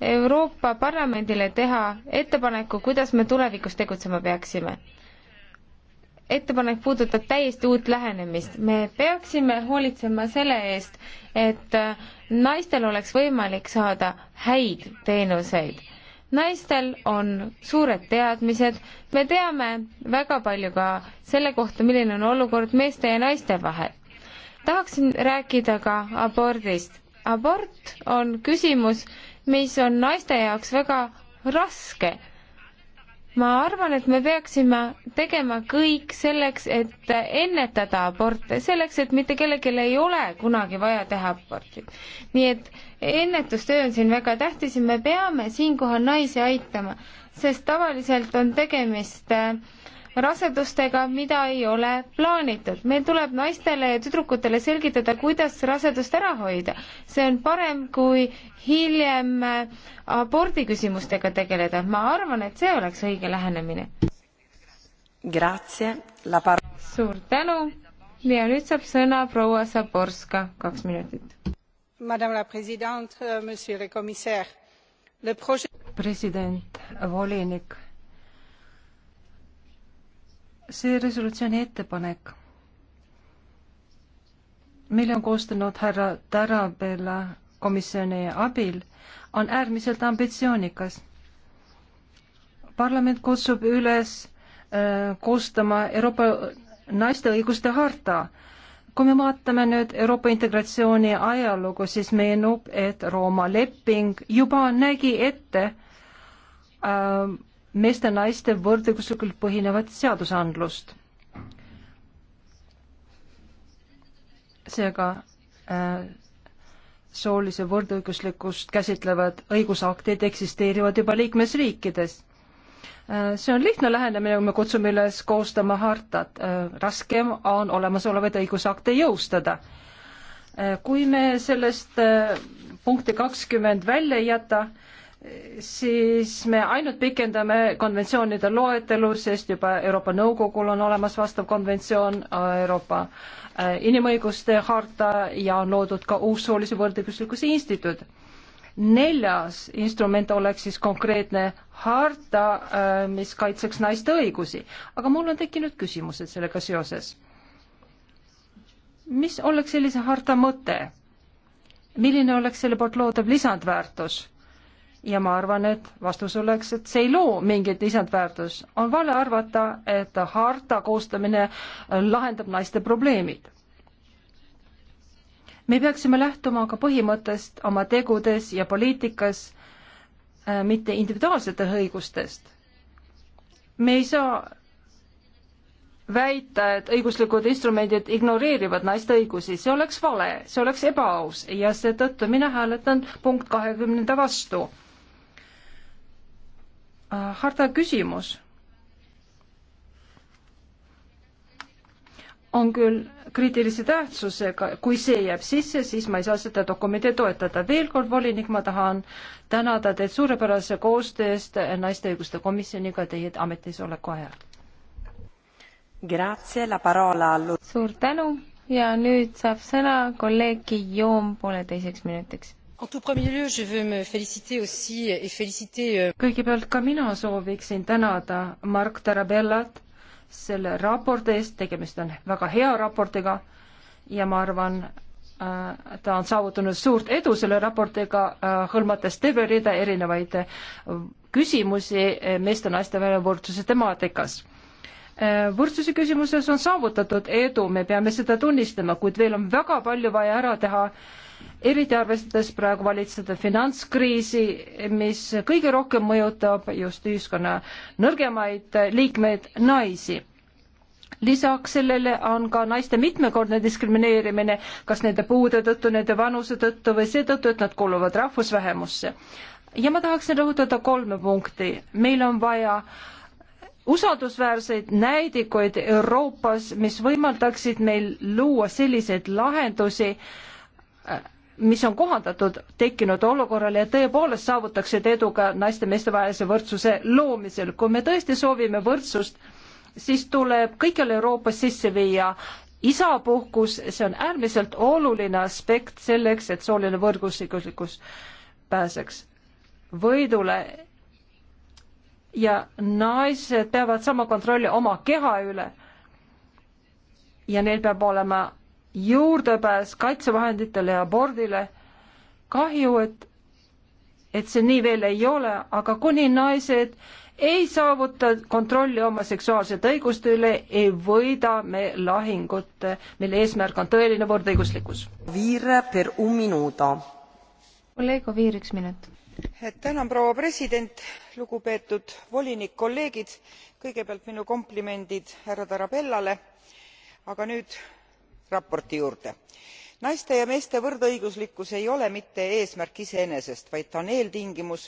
Speaker 5: Euroopa Parlamendile teha ettepaneku, kuidas me tulevikus tegutsema peaksime. ettepanek puudutab täiesti uut lähenemist. me peaksime hoolitsema selle eest, et naistel oleks võimalik saada häid teenuseid. naistel on suured teadmised, me teame väga palju ka selle kohta, milline on olukord meeste ja naiste vahel tahaksin rääkida ka abordist. abort on küsimus, mis on naiste jaoks väga raske. ma arvan, et me peaksime tegema kõik selleks, et ennetada aborte, selleks, et mitte kellelgi ei ole kunagi vaja teha aborti. nii et ennetustöö on siin väga tähtis ja me peame siinkohal naisi aitama, sest tavaliselt on tegemist äh, rasedustega, mida ei ole plaanitud. meil tuleb naistele ja tüdrukutele selgitada, kuidas rasedust ära hoida. see on parem, kui hiljem äh, abordiküsimustega tegeleda. ma arvan, et see oleks õige lähenemine. suur tänu ja nüüd saab sõna proua Saborska, kaks minutit.
Speaker 1: Euh, president, volinik see resolutsiooni ettepanek, mille on koostanud härra Tarabella komisjoni abil, on äärmiselt ambitsioonikas. parlament kutsub üles äh, koostama Euroopa naiste õiguste harta. kui me vaatame nüüd Euroopa integratsiooni ajalugu, siis meenub, et Rooma leping juba nägi ette äh, meeste-naiste võrdõiguslikul põhinevat seadusandlust. seega äh, soolise võrdõiguslikkust käsitlevad õigusaktid eksisteerivad juba liikmesriikides äh, see on lihtne lähenemine, me kutsume üles koostama hartat. Äh, raskem on olemasolevaid õigusakte jõustada. Äh, kui me sellest punkti kakskümmend välja ei jäta, siis me ainult pikendame konventsioonide loetelu, sest juba Euroopa Nõukogul on olemas vastav konventsioon, Euroopa äh, inimõiguste harta ja on loodud ka uus soolise võrdõiguslikkuse instituut. neljas instrument oleks siis konkreetne harta, äh, mis kaitseks naiste õigusi, aga mul on tekkinud küsimused sellega seoses. mis oleks sellise harta mõte? milline oleks selle poolt loodav lisandväärtus? ja ma arvan, et vastus oleks, et see ei loo mingit lisandväärtust. on vale arvata, et harta koostamine äh, lahendab naiste probleemid. me peaksime lähtuma ka põhimõttest oma tegudes ja poliitikas, äh, mitte individuaalsete õigustest. me ei saa väita, et õiguslikud instrumendid ignoreerivad naiste õigusi, see oleks vale, see oleks ebaaus ja seetõttu mina hääletan punkt kahekümnenda vastu Äh, harta küsimus on küll kriitilise tähtsusega, kui see jääb sisse, siis ma ei saa seda dokumenti toetada. veel kord, volinik, ma tahan tänada teid suurepärase koostöö eest Naiste Õiguste Komisjoniga teie ametisoleku
Speaker 4: ajal. suur tänu
Speaker 5: ja nüüd saab sõna kolleeg Guillaume pooleteiseks minutiks
Speaker 4: Euh,
Speaker 1: kõigepealt ka mina sooviksin tänada Mark Tarabellat selle raporti eest, tegemist on väga hea raportiga ja ma arvan, äh, ta on saavutanud suurt edu selle raportiga, äh, hõlmates terve rida erinevaid äh, küsimusi meeste-naiste väljavõrdluse temaatikas võrdsuse küsimuses on saavutatud edu, me peame seda tunnistama, kuid veel on väga palju vaja ära teha, eriti arvestades praegu valitseda finantskriisi, mis kõige rohkem mõjutab just ühiskonna nõrgemaid liikmeid, naisi lisaks sellele on ka naiste mitmekordne diskrimineerimine, kas nende puude tõttu, nende vanuse tõttu või seetõttu, et nad kuuluvad rahvusvähemusse. ja ma tahaksin rõhutada kolme punkti. meil on vaja äh, usaldusväärseid näidikuid Euroopas, mis võimaldaksid meil luua selliseid lahendusi, mis on kohandatud tekkinud olukorrale ja tõepoolest saavutaksid edu ka naiste-meeste vahelise võrdsuse loomisel. kui me tõesti soovime võrdsust, siis tuleb kõikjal Euroopas sisse viia isapuhkus, see on äärmiselt oluline aspekt selleks, et sooline võrgustiklikkus pääseks võidule ja naised peavad sama kontrolli oma keha üle. ja neil peab olema juurdepääs kaitsevahenditele ja abordile. kahju, et, et see nii veel ei ole, aga kuni naised ei saavuta kontrolli oma seksuaalsete õiguste üle, ei võida me lahingut, mille eesmärk on
Speaker 4: tõeline võrdõiguslikkus. kolleeg Oviir, üks
Speaker 2: minut lugupeetud volinik kolleegid! kõigepealt minu komplimendid härra tarabellale. aga nüüd raporti juurde. naiste ja meeste võrdõiguslikkus ei ole mitte eesmärk iseenesest vaid ta on eeltingimus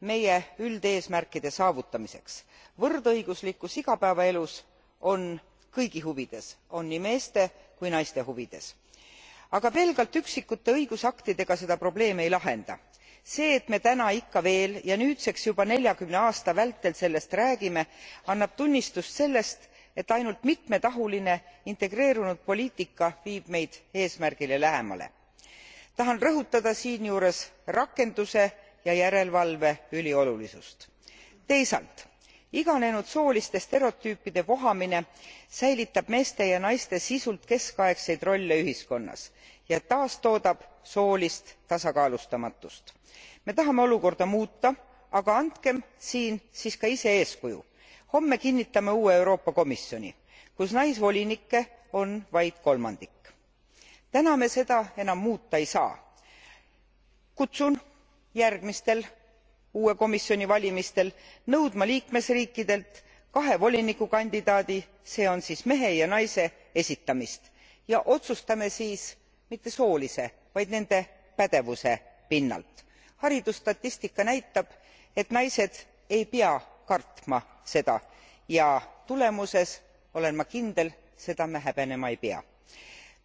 Speaker 2: meie üldeesmärkide saavutamiseks. võrdõiguslikkus igapäevaelus on kõigi huvides on nii meeste kui naiste huvides. aga pelgalt üksikute õigusaktidega seda probleemi ei lahenda see et me täna ikka veel ja nüüdseks juba aasta vältel sellest räägime annab tunnistust sellest et ainult mitmetahuline integreerunud poliitika viib meid eesmärgile lähemale. tahan rõhutada siinjuures rakenduse ja järelevalve üliolulisust. teisalt iganenud sooliste stereotüüpide vohamine säilitab meeste ja naiste sisult keskaegseid rolle ühiskonnas ja taastoodab soolist tasakaalustamatust. me tahame olukorda muuta aga andkem siin siis ka ise eeskuju. homme kinnitame uue euroopa komisjoni kus naisvolinikke on vaid kolmandik. täna me seda enam muuta ei saa. kutsun järgmistel uue komisjoni valimistel nõudma liikmesriikidelt kahe volinikukandidaadi see on siis mehe ja naise esitamist ja otsustame siis mitte soolise vaid nende pädevuse pinnalt. haridusstatistika näitab et naised ei pea kartma seda ja tulemuses olen ma kindel seda me häbenema ei pea.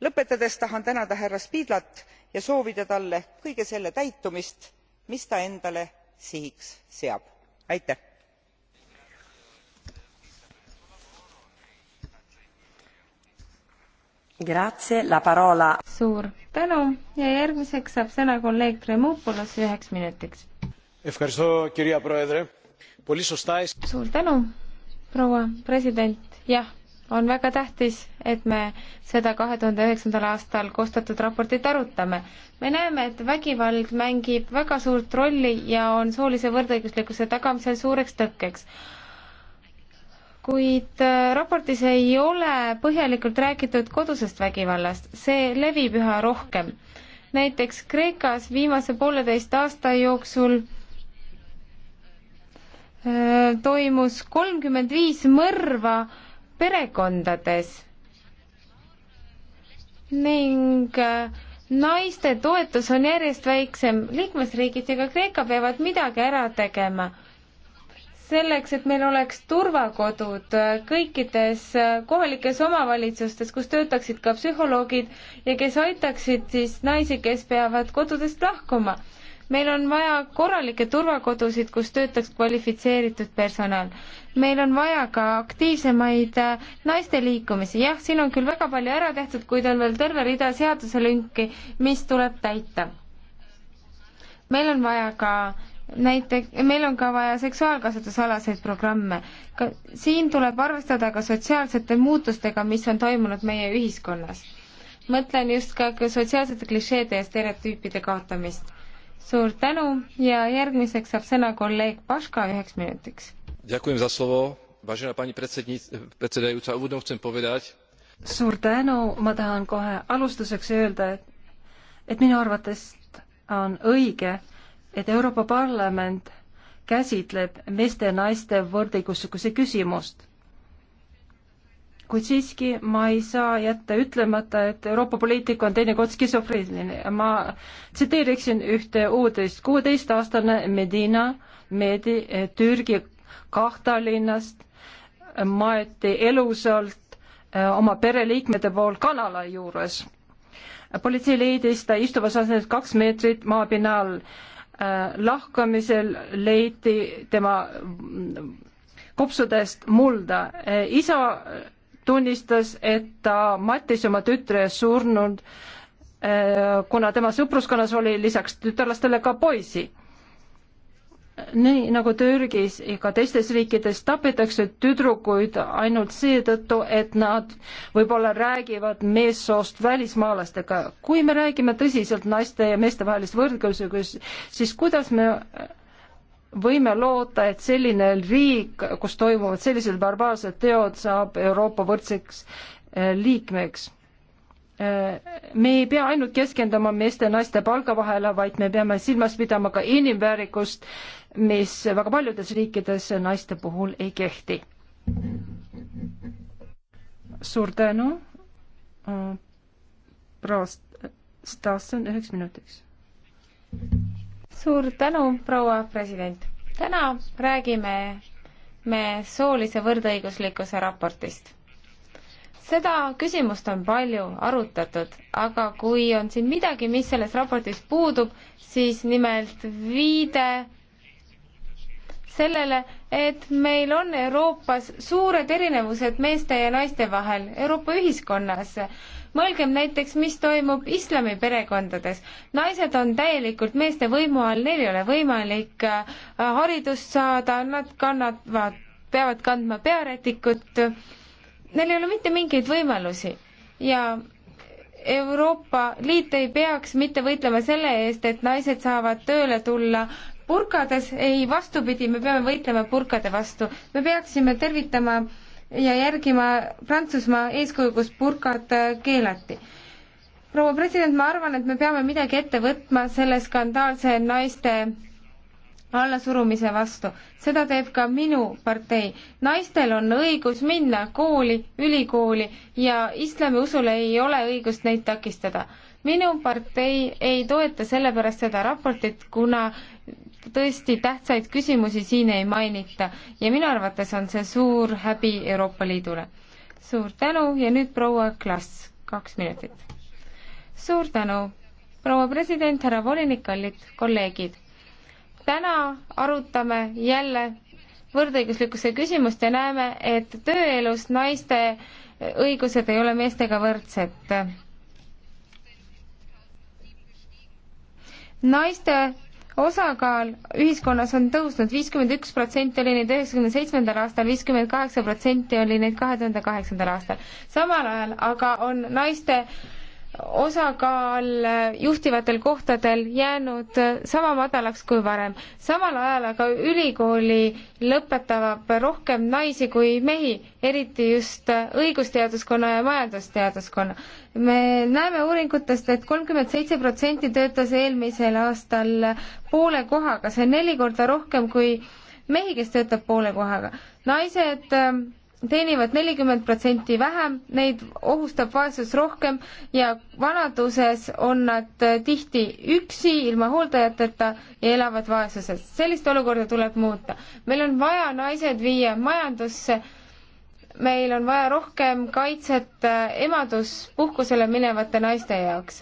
Speaker 2: lõpetades tahan tänada härra pidlat ja soovida talle kõige selle täitumist mis ta endale sihiks seab. aitäh!
Speaker 4: suur
Speaker 5: tänu ja järgmiseks saab sõna kolleeg Tremopoulos üheks minutiks. suur tänu, proua president, jah, on väga tähtis, et me seda kahe tuhande üheksandal aastal koostatud raportit arutame. me näeme, et vägivald mängib väga suurt rolli ja on soolise võrdõiguslikkuse tagamisel suureks tõkkeks kuid äh, raportis ei ole põhjalikult räägitud kodusest vägivallast, see levib üha rohkem. näiteks Kreekas viimase pooleteist aasta jooksul öö, äh, toimus kolmkümmend viis mõrva perekondades ning äh, naiste toetus on järjest väiksem, liikmesriigid ja ka Kreeka peavad midagi ära tegema selleks, et meil oleks turvakodud kõikides kohalikes omavalitsustes, kus töötaksid ka psühholoogid ja kes aitaksid siis naisi, kes peavad kodudest lahkuma. meil on vaja korralikke turvakodusid, kus töötaks kvalifitseeritud personal. meil on vaja ka aktiivsemaid äh, naiste liikumisi, jah, siin on küll väga palju ära tehtud, kuid on veel terve rida seaduselünki, mis tuleb täita. meil on vaja ka näiteks, meil on ka vaja seksuaalkasutusalaseid programme. ka siin tuleb arvestada ka sotsiaalsete muutustega, mis on toimunud meie ühiskonnas. mõtlen just ka sotsiaalsete klišeede ja stereotüüpide kaotamist. suur tänu ja järgmiseks saab sõna kolleeg Paška üheks minutiks.
Speaker 1: suur tänu, ma tahan kohe alustuseks öelda, et et minu arvates on õige, et Euroopa Parlament käsitleb meeste ja naiste võrdõiguslikkuse küsimust. kuid siiski ma ei saa jätta ütlemata, et Euroopa poliitika on teinekord skisofreeniline. ma tsiteeriksin ühte uudist. kuueteistaastane Medina Medi eh, Türgi kahtalinnast eh, maeti elusalt eh, oma pereliikmete pool kanala juures. politsei leidis ta istuvas asendis kaks meetrit maapinna all Äh, lahkamisel leiti tema kopsudest mulda. Äh, isa tunnistas, et ta mattis oma tütre surnud, äh, kuna tema sõpruskonnas oli lisaks tütarlastele ka poisi nii nagu Türgis ja ka teistes riikides tapetakse tüdrukuid ainult seetõttu, et nad võib-olla räägivad meessoost välismaalastega. kui me räägime tõsiselt naiste ja meeste vahelist võrdlusest, siis kuidas me võime loota, et selline riik, kus toimuvad sellised barbaarsed teod, saab Euroopa võrdseks eh, liikmeks eh, me ei pea ainult keskenduma meeste ja naiste palga vahele, vaid me peame silmas pidama ka inimväärikust mis väga paljudes riikides naiste puhul ei kehti. suur tänu. proua Stassen üheks minutiks.
Speaker 5: suur tänu, proua president. täna räägime me soolise võrdõiguslikkuse raportist seda küsimust on palju arutatud, aga kui on siin midagi, mis selles raportis puudub, siis nimelt viide sellele, et meil on Euroopas suured erinevused meeste ja naiste vahel Euroopa ühiskonnas. mõelgem näiteks, mis toimub islami perekondades. naised on täielikult meeste võimu all, neil ei ole võimalik äh, haridust saada, nad kannavad, peavad kandma pearätikut, neil ei ole mitte mingeid võimalusi ja Euroopa Liit ei peaks mitte võitlema selle eest, et naised saavad tööle tulla purkades, ei vastupidi, me peame võitlema purkade vastu. me peaksime tervitama ja järgima Prantsusmaa eeskuju, kus purkad äh, keelati. proua president, ma arvan, et me peame midagi ette võtma selle skandaalse naiste allasurumise vastu. seda teeb ka minu partei. naistel on õigus minna kooli, ülikooli ja islamiusule ei ole õigust neid takistada. minu partei ei toeta sellepärast seda raportit, kuna tõesti tähtsaid küsimusi siin ei mainita ja minu arvates on see suur häbi Euroopa Liidule. suur tänu ja nüüd proua Klass, kaks minutit. suur tänu, proua president, härra volinik, kallid kolleegid. täna arutame jälle võrdõiguslikkuse küsimust ja näeme, et tööelus naiste õigused ei ole meestega võrdsed. naiste osakaal ühiskonnas on tõusnud, viiskümmend üks protsenti oli neid üheksakümne seitsmendal aastal, viiskümmend kaheksa protsenti oli neid kahe tuhande kaheksandal aastal. samal ajal aga on naiste osakaal juhtivatel kohtadel jäänud sama madalaks kui varem. samal ajal aga ülikooli lõpetab rohkem naisi kui mehi, eriti just õigusteaduskonna ja majandusteaduskonna. me näeme uuringutest et, et kolmkümmend seitse protsenti töötas eelmisel aastal poole kohaga, see on neli korda rohkem kui mehi, kes töötab poole kohaga. naised teenivad nelikümmend protsenti vähem, neid ohustab vaesus rohkem ja vanaduses on nad tihti üksi, ilma hooldajateta ja elavad vaesuses. sellist olukorda tuleb muuta. meil on vaja naised viia majandusse, meil on vaja rohkem kaitset eh, emaduspuhkusele minevate naiste jaoks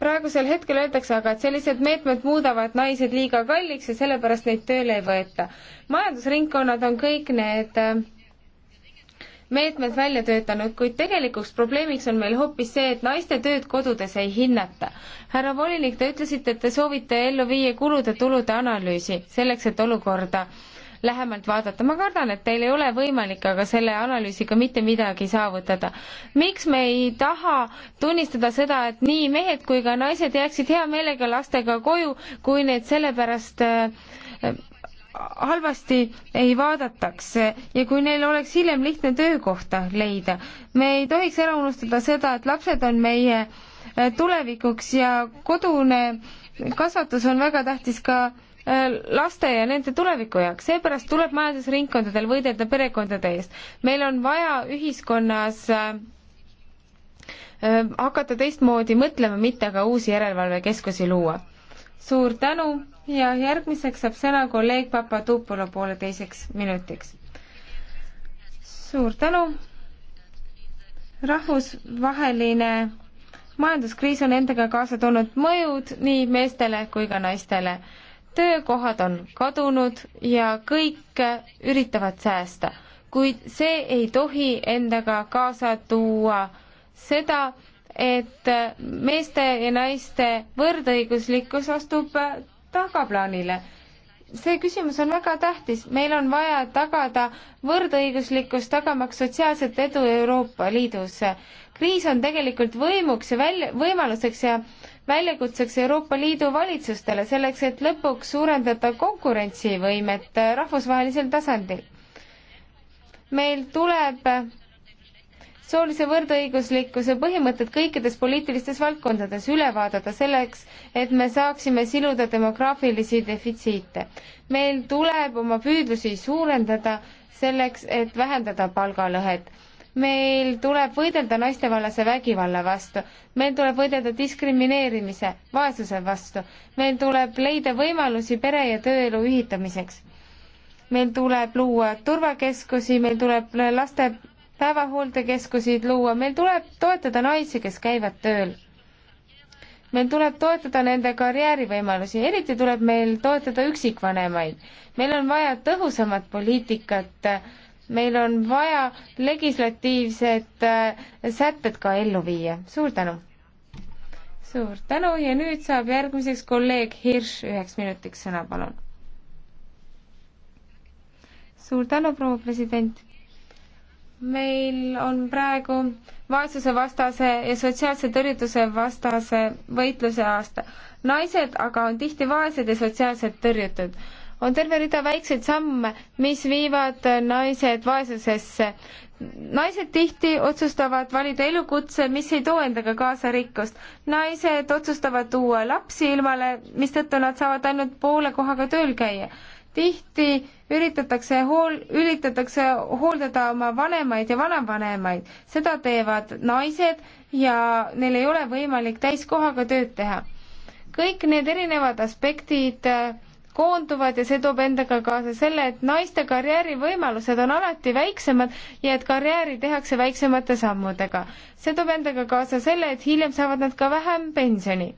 Speaker 5: praegusel hetkel öeldakse aga, et sellised meetmed muudavad naised liiga kalliks ja sellepärast neid tööle ei võeta. majandusringkonnad on kõik need äh, meetmed välja töötanud, kuid tegelikuks probleemiks on meil hoopis see, et naiste tööd kodudes ei hinnata. härra volinik, te ütlesite, et te soovite ellu viia kulude-tulude analüüsi selleks, et olukorda äh, lähemalt vaadata. ma kardan, et teil ei ole võimalik aga selle analüüsiga mitte midagi saavutada. miks me ei taha tunnistada seda, et nii mehed kui ka naised jääksid hea meelega lastega koju, kui need sellepärast äh, halvasti ei vaadataks ja kui neil oleks hiljem lihtne töökohta leida. me ei tohiks ära unustada seda, et lapsed on meie äh, tulevikuks ja kodune kasvatus on väga tähtis ka Äh, laste ja nende tuleviku jaoks, seepärast tuleb majandusringkondadel võidelda perekondade eest. meil on vaja ühiskonnas äh, äh, hakata teistmoodi mõtlema, mitte aga uusi järelevalvekeskusi luua. suur tänu ja järgmiseks saab sõna kolleeg Papadopolo pooleteiseks minutiks. suur tänu. rahvusvaheline majanduskriis on endaga kaasa toonud mõjud nii meestele kui ka naistele töökohad on kadunud ja kõik üritavad säästa, kuid see ei tohi endaga kaasa tuua seda, et meeste ja naiste võrdõiguslikkus astub tagaplaanile. see küsimus on väga tähtis, meil on vaja tagada võrdõiguslikkus, tagamaks sotsiaalset edu Euroopa Liidus. kriis on tegelikult võimuks ja välja, võimaluseks ja väljakutseks Euroopa Liidu valitsustele selleks, et lõpuks suurendada konkurentsivõimet äh, rahvusvahelisel tasandil. meil tuleb soolise võrdõiguslikkuse põhimõtted kõikides poliitilistes valdkondades üle vaadata selleks, et me saaksime siluda demograafilisi defitsiite. meil tuleb oma püüdlusi suurendada selleks, et vähendada palgalõhet meil tuleb võidelda naistevallase vägivalla vastu, meil tuleb võidelda diskrimineerimise, vaesuse vastu, meil tuleb leida võimalusi pere- ja tööelu ühitamiseks. meil tuleb luua turvakeskusi, meil tuleb laste päevahooldekeskusi luua, meil tuleb toetada naisi, kes käivad tööl. meil tuleb toetada nende karjäärivõimalusi, eriti tuleb meil toetada üksikvanemaid. meil on vaja tõhusamat poliitikat meil on vaja legislatiivsed äh, sätted ka ellu viia. suur tänu! suur tänu ja nüüd saab järgmiseks kolleeg Hirš üheks minutiks sõna, palun. suur tänu, proua president. meil on praegu vaesusevastase ja sotsiaalse tõrjutuse vastase võitluse aasta. naised aga on tihti vaesed ja sotsiaalselt tõrjutud on terve rida väikseid samme, mis viivad naised vaesusesse. naised tihti otsustavad valida elukutse, mis ei too endaga kaasa rikkust. naised otsustavad tuua lapsi ilmale, mistõttu nad saavad ainult poole kohaga tööl käia tihti üritatakse hool, üritatakse hooldada oma vanemaid ja vanavanemaid. seda teevad naised ja neil ei ole võimalik täiskohaga tööd teha. kõik need erinevad aspektid äh, koonduvad ja see toob endaga kaasa selle, et naiste karjäärivõimalused on alati väiksemad ja et karjääri tehakse väiksemate sammudega. see toob endaga kaasa selle, et hiljem saavad nad ka vähem pensioni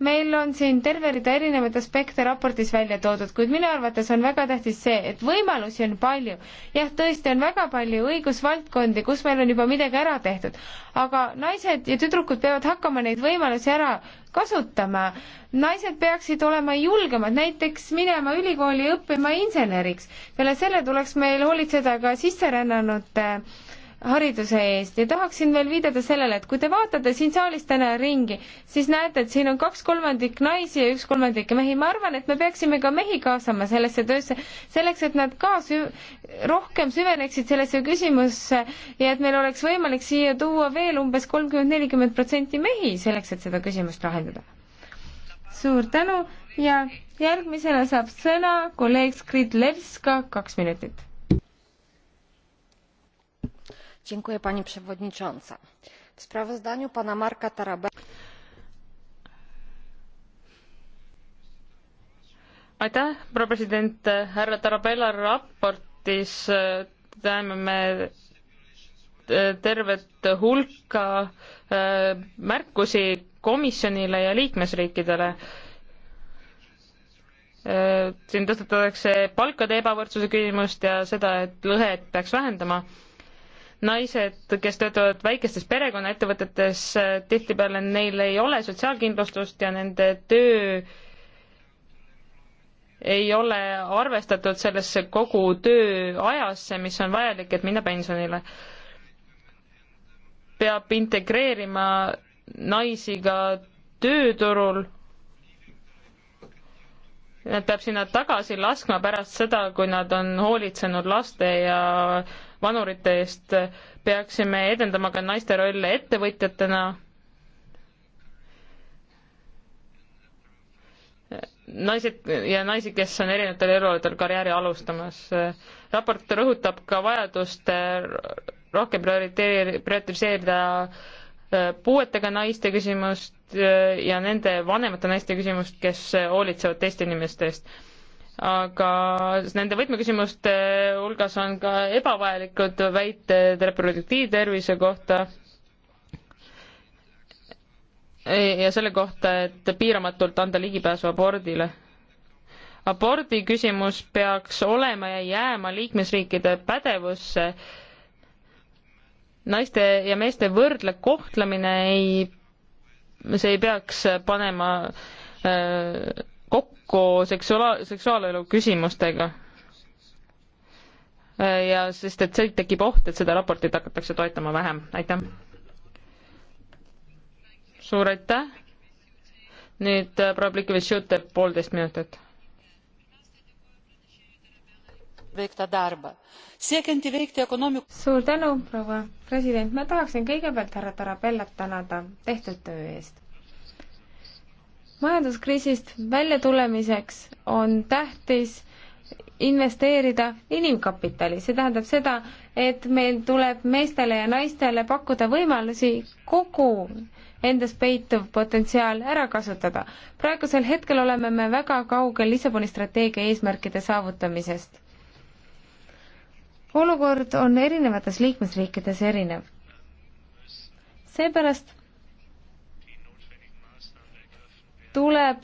Speaker 5: meil on siin terve rida erinevaid aspekte raportis välja toodud, kuid minu arvates on väga tähtis see, et võimalusi on palju. jah, tõesti on väga palju õigusvaldkondi, kus meil on juba midagi ära tehtud, aga naised ja tüdrukud peavad hakkama neid võimalusi ära kasutama. naised peaksid olema julgemad, näiteks minema ülikooli õppima inseneriks. peale selle tuleks meil hoolitseda ka sisserännanute äh, hariduse eest ja tahaksin veel viidata sellele, et kui te vaatate siin saalis täna ringi, siis näete, et siin on kaks kolmandik naisi ja üks kolmandik mehi. ma arvan, et me peaksime ka mehi kaasama sellesse töösse, selleks et nad ka sü rohkem süveneksid sellesse küsimusse ja et meil oleks võimalik siia tuua veel umbes kolmkümmend, nelikümmend protsenti mehi, selleks et seda küsimust lahendada. suur tänu ja järgmisena saab sõna kolleeg Skridlevska, kaks minutit
Speaker 4: Dziękuję pani przewodnicząca. W sprawozdaniu
Speaker 3: pana Marka Tarabella aitäh, proua president, härra Tarabella raportis äh, näeme me äh, tervet hulka äh, märkusi komisjonile ja liikmesriikidele. siin tõstatatakse palkade ebavõrdsuse küsimust ja seda, et lõhet peaks vähendama naised, kes töötavad väikestes perekonnaettevõtetes, tihtipeale neil ei ole sotsiaalkindlustust ja nende töö ei ole arvestatud sellesse kogu tööajasse, mis on vajalik, et minna pensionile. peab integreerima naisi ka tööturul peab sinna tagasi laskma pärast seda, kui nad on hoolitsenud laste ja vanurite eest. peaksime edendama ka naiste rolle ettevõtjatena. naised ja naisi, kes on erinevatel elualadel karjääri alustamas. raport rõhutab ka vajadust rohkem prioriteeri-, prioritiseerida Äh, puuetega naiste küsimust äh, ja nende vanemate naiste küsimust, kes äh, hoolitsevad teiste inimeste eest. aga nende võtmeküsimuste hulgas on ka ebavajalikud väited reproduktiivtervise kohta e, ja selle kohta, et piiramatult anda ligipääsu abordile abordi küsimus peaks olema ja jääma liikmesriikide pädevusse naiste ja meeste võrdle kohtlemine ei, see ei peaks panema äh, kokku seksuaal, seksuaalelu küsimustega äh,. ja sest, et see tekib oht, et seda raportit hakatakse toetama vähem, aitäh. suur aitäh. nüüd äh, proua Plikivitš-Jutte, poolteist minutit
Speaker 4: veiktą darbą.
Speaker 5: Siekiant įveikti ekonomikų. suur tänu, proua president, ma tahaksin kõigepealt härra Tarabellat tänada tehtud töö eest. majanduskriisist välja tulemiseks on tähtis investeerida inimkapitali, see tähendab seda, et meil tuleb meestele ja naistele pakkuda võimalusi kogu endas peituv potentsiaal ära kasutada. praegusel hetkel oleme me väga kaugel Lissaboni strateegia eesmärkide saavutamisest olukord on erinevates liikmesriikides erinev. seepärast tuleb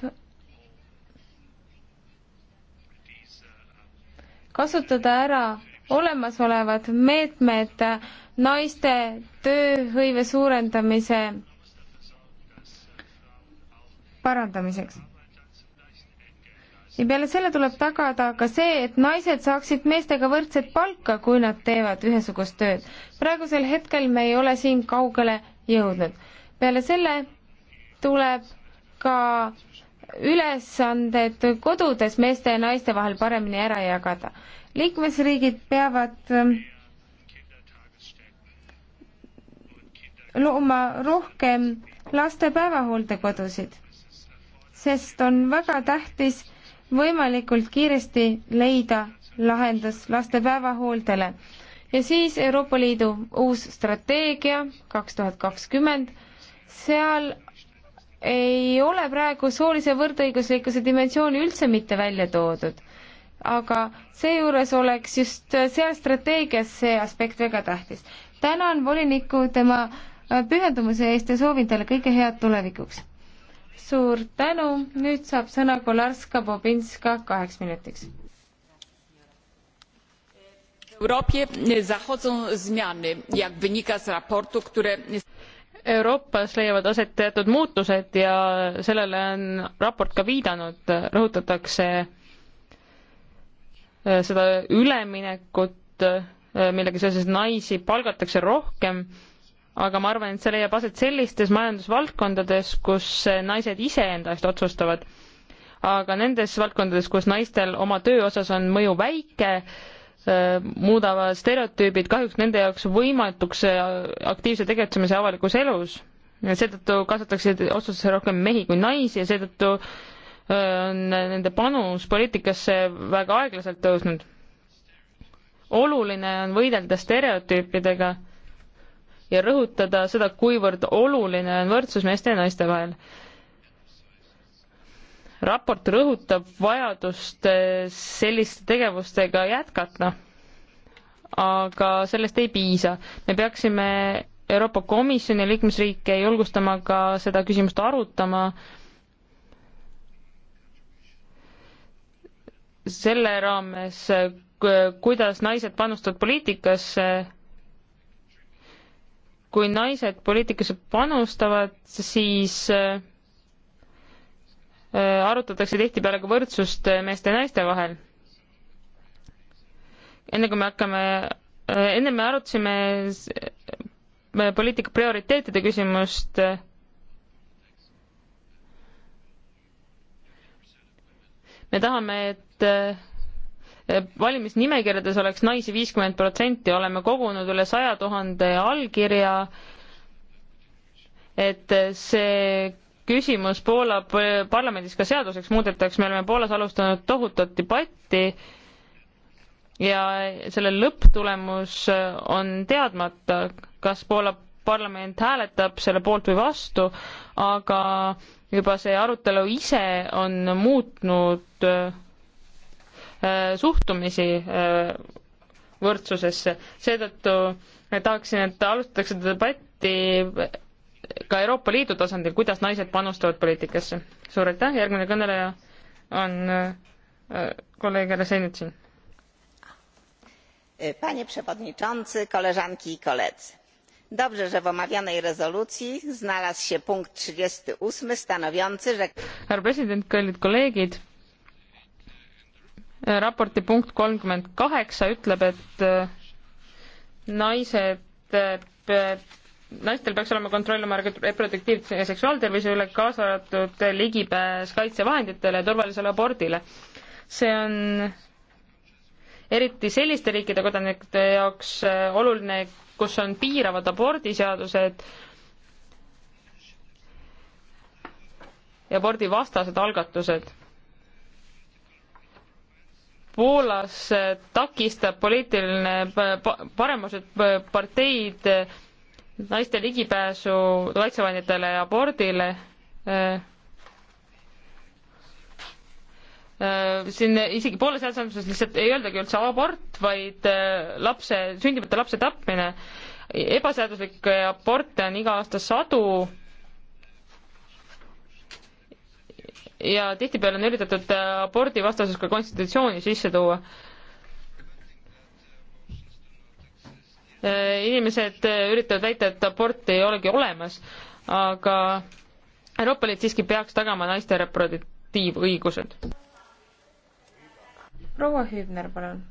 Speaker 5: kasutada ära olemasolevad meetmed naiste tööhõive suurendamise parandamiseks ja peale selle tuleb tagada ka see, et naised saaksid meestega võrdset palka, kui nad teevad ühesugust tööd. praegusel hetkel me ei ole siin kaugele jõudnud. peale selle tuleb ka ülesanded kodudes meeste ja naiste vahel paremini ära jagada. liikmesriigid peavad ähm, looma rohkem laste päevahooldekodusid, sest on väga tähtis, võimalikult kiiresti leida lahendus laste päevahooldele. ja siis Euroopa Liidu uus strateegia kaks tuhat kakskümmend, seal ei ole praegu soolise võrdõiguslikkuse dimensiooni üldse mitte välja toodud. aga seejuures oleks just seal strateegias see aspekt väga tähtis. tänan volinikku tema pühendumuse eest ja soovin talle kõike head tulevikuks suur tänu, nüüd saab sõna Kolarska-Bobinska kaheks minutiks.
Speaker 3: Europie zachodzą zmiany, jak wynika z raportu, które Euroopas leiavad aset teatud muutused ja sellele on raport ka viidanud, rõhutatakse äh, seda üleminekut, äh, millega seoses naisi palgatakse rohkem aga ma arvan, et see leiab aset sellistes majandusvaldkondades, kus naised ise enda eest otsustavad. aga nendes valdkondades, kus naistel oma töö osas on mõju väike, äh, muudavad stereotüübid kahjuks nende jaoks võimatuks äh, aktiivse tegutsemise avalikus elus. seetõttu kasvatatakse otsustusse rohkem mehi kui naisi ja seetõttu äh, on nende panus poliitikasse väga aeglaselt tõusnud. oluline on võidelda stereotüüpidega ja rõhutada seda, kuivõrd oluline on võrdsus meeste ja naiste vahel. raport rõhutab vajadust eh, selliste tegevustega jätkata, aga sellest ei piisa. me peaksime Euroopa Komisjoni liikmesriike julgustama ka seda küsimust arutama, selle raames, eh, kuidas naised panustavad poliitikasse kui naised poliitikasse panustavad, siis äh, arutatakse tihtipeale ka võrdsust äh, meeste ja naiste vahel. enne kui me hakkame, äh, enne me arutasime poliitika prioriteetide küsimust. me tahame, et valimisnimekirjades oleks naisi viiskümmend protsenti, oleme kogunud üle saja tuhande allkirja, et see küsimus Poola parlamendis ka seaduseks muudetaks, me oleme Poolas alustanud tohutut debatti ja selle lõpptulemus on teadmata, kas Poola parlament hääletab selle poolt või vastu, aga juba see arutelu ise on muutnud Äh, suhtumisi äh, võrdsusesse. seetõttu tahaksin, et alustatakse debatti ka Euroopa Liidu tasandil, kuidas naised panustavad poliitikasse. suur aitäh, järgmine kõneleja on äh, kolleeg Jarosenitsin. E, panie
Speaker 4: przewodniczący, koleżanki i koledzy. Dobrze, że w omawianej rezolucji
Speaker 3: znalazł się punkt 38
Speaker 5: stanowiący, że...
Speaker 3: Herr president, kallid kolleegid, Äh, raporti punkt kolmkümmend kaheksa ütleb, et äh, naised, äh, naistel peaks olema kontroll oma reproduktiivse ja seksuaaltervise üle, kaasa arvatud ligipääs kaitsevahenditele ja turvalisele abordile. see on eriti selliste riikide kodanike jaoks oluline, kus on piiravad abordiseadused ja abordivastased algatused Poolas takistab poliitiline paremused parteid eh, naiste ligipääsu kaitsevahenditele ja abordile. Eh, eh, siin isegi Poola seadusandluses lihtsalt ei öeldagi üldse abort, vaid lapse, sündimata lapse tapmine. ebaseaduslikke aborte on iga aasta sadu ja tihtipeale on üritatud äh, abordi vastasus ka konstitutsiooni sisse tuua. Äh, inimesed äh, üritavad väita, et aborti ei olegi olemas, aga Euroopa Liit siiski peaks tagama naiste reproduktiivõigused.
Speaker 5: proua Hübner, palun.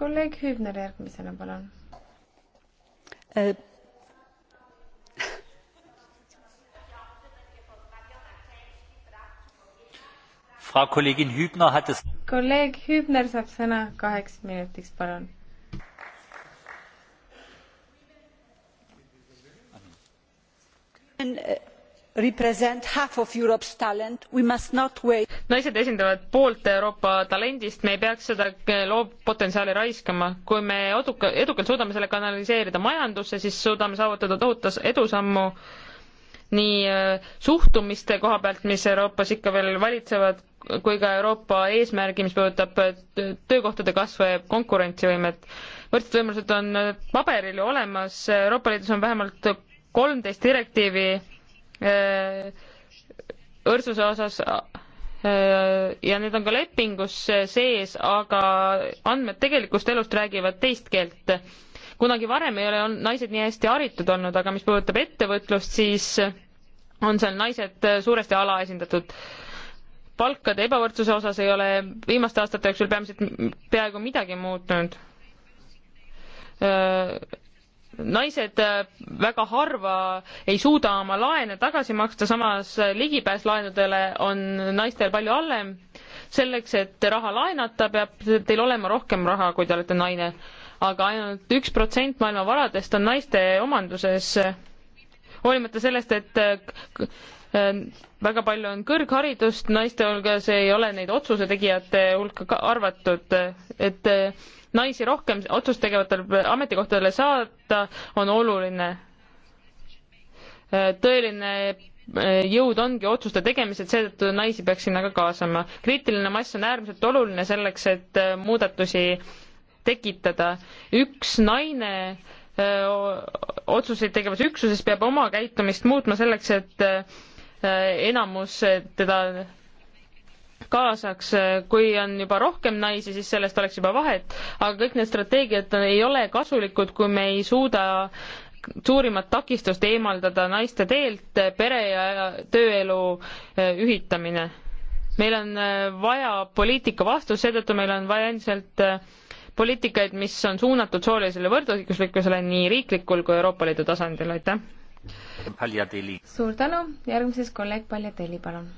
Speaker 5: kolleeg Hübner järgmisena, palun äh
Speaker 3: kolleeg
Speaker 5: Hübner saab sõna kaheks minutiks, palun.
Speaker 3: Uh, naised esindavad poolt Euroopa talendist, me ei peaks seda äh, loovpotentsiaali raiskama. kui me eduka, edukalt suudame selle kanaliseerida majandusse, siis suudame saavutada tohutu edusammu nii äh, suhtumiste koha pealt, mis Euroopas ikka veel valitsevad, kui ka Euroopa eesmärgi, mis puudutab äh, töökohtade kasvu ja konkurentsivõimet. võrdsed võimalused on äh, paberil ju olemas, Euroopa Liidus on vähemalt kolmteist direktiivi äh, võrdsuse osas ja need on ka lepingus sees, aga andmed tegelikust elust räägivad teist keelt. kunagi varem ei ole naised nii hästi haritud olnud, aga mis puudutab ettevõtlust, siis on seal naised suuresti alaesindatud palkade ebavõrdsuse osas ei ole viimaste aastate jooksul peamiselt peaaegu midagi muutunud. naised väga harva ei suuda oma laene tagasi maksta, samas ligipääs laenudele on naistel palju allem. selleks, et raha laenata, peab teil olema rohkem raha, kui te olete naine aga ainult üks protsent maailma varadest on naiste omanduses. hoolimata sellest, et Ehm, väga palju on kõrgharidust naiste hulgas, ei ole neid otsuse tegijate hulka arvatud, et eh, naisi rohkem otsust tegevatele ametikohtadele saada on oluline. Eh, tõeline eh, jõud ongi otsuste tegemised, seetõttu naisi peaks sinna ka kaasama. kriitiline mass on äärmiselt oluline selleks, et muudatusi tekitada. üks naine otsuseid tegevas üksuses peab oma käitumist muutma selleks, et Äh, enamus äh, teda kaasaks, äh, kui on juba rohkem naisi, siis sellest oleks juba vahet, aga kõik need strateegiad ei ole kasulikud, kui me ei suuda suurimat takistust eemaldada naiste teelt, pere ja tööelu ühitamine. meil on vaja poliitika vastust, seetõttu meil on vaja endiselt poliitikaid, mis on suunatud soolisele võrdõiguslikkusele nii riiklikul kui Euroopa Liidu tasandil, aitäh!
Speaker 5: suur tänu, järgmises kolleeg Paljateli, palun.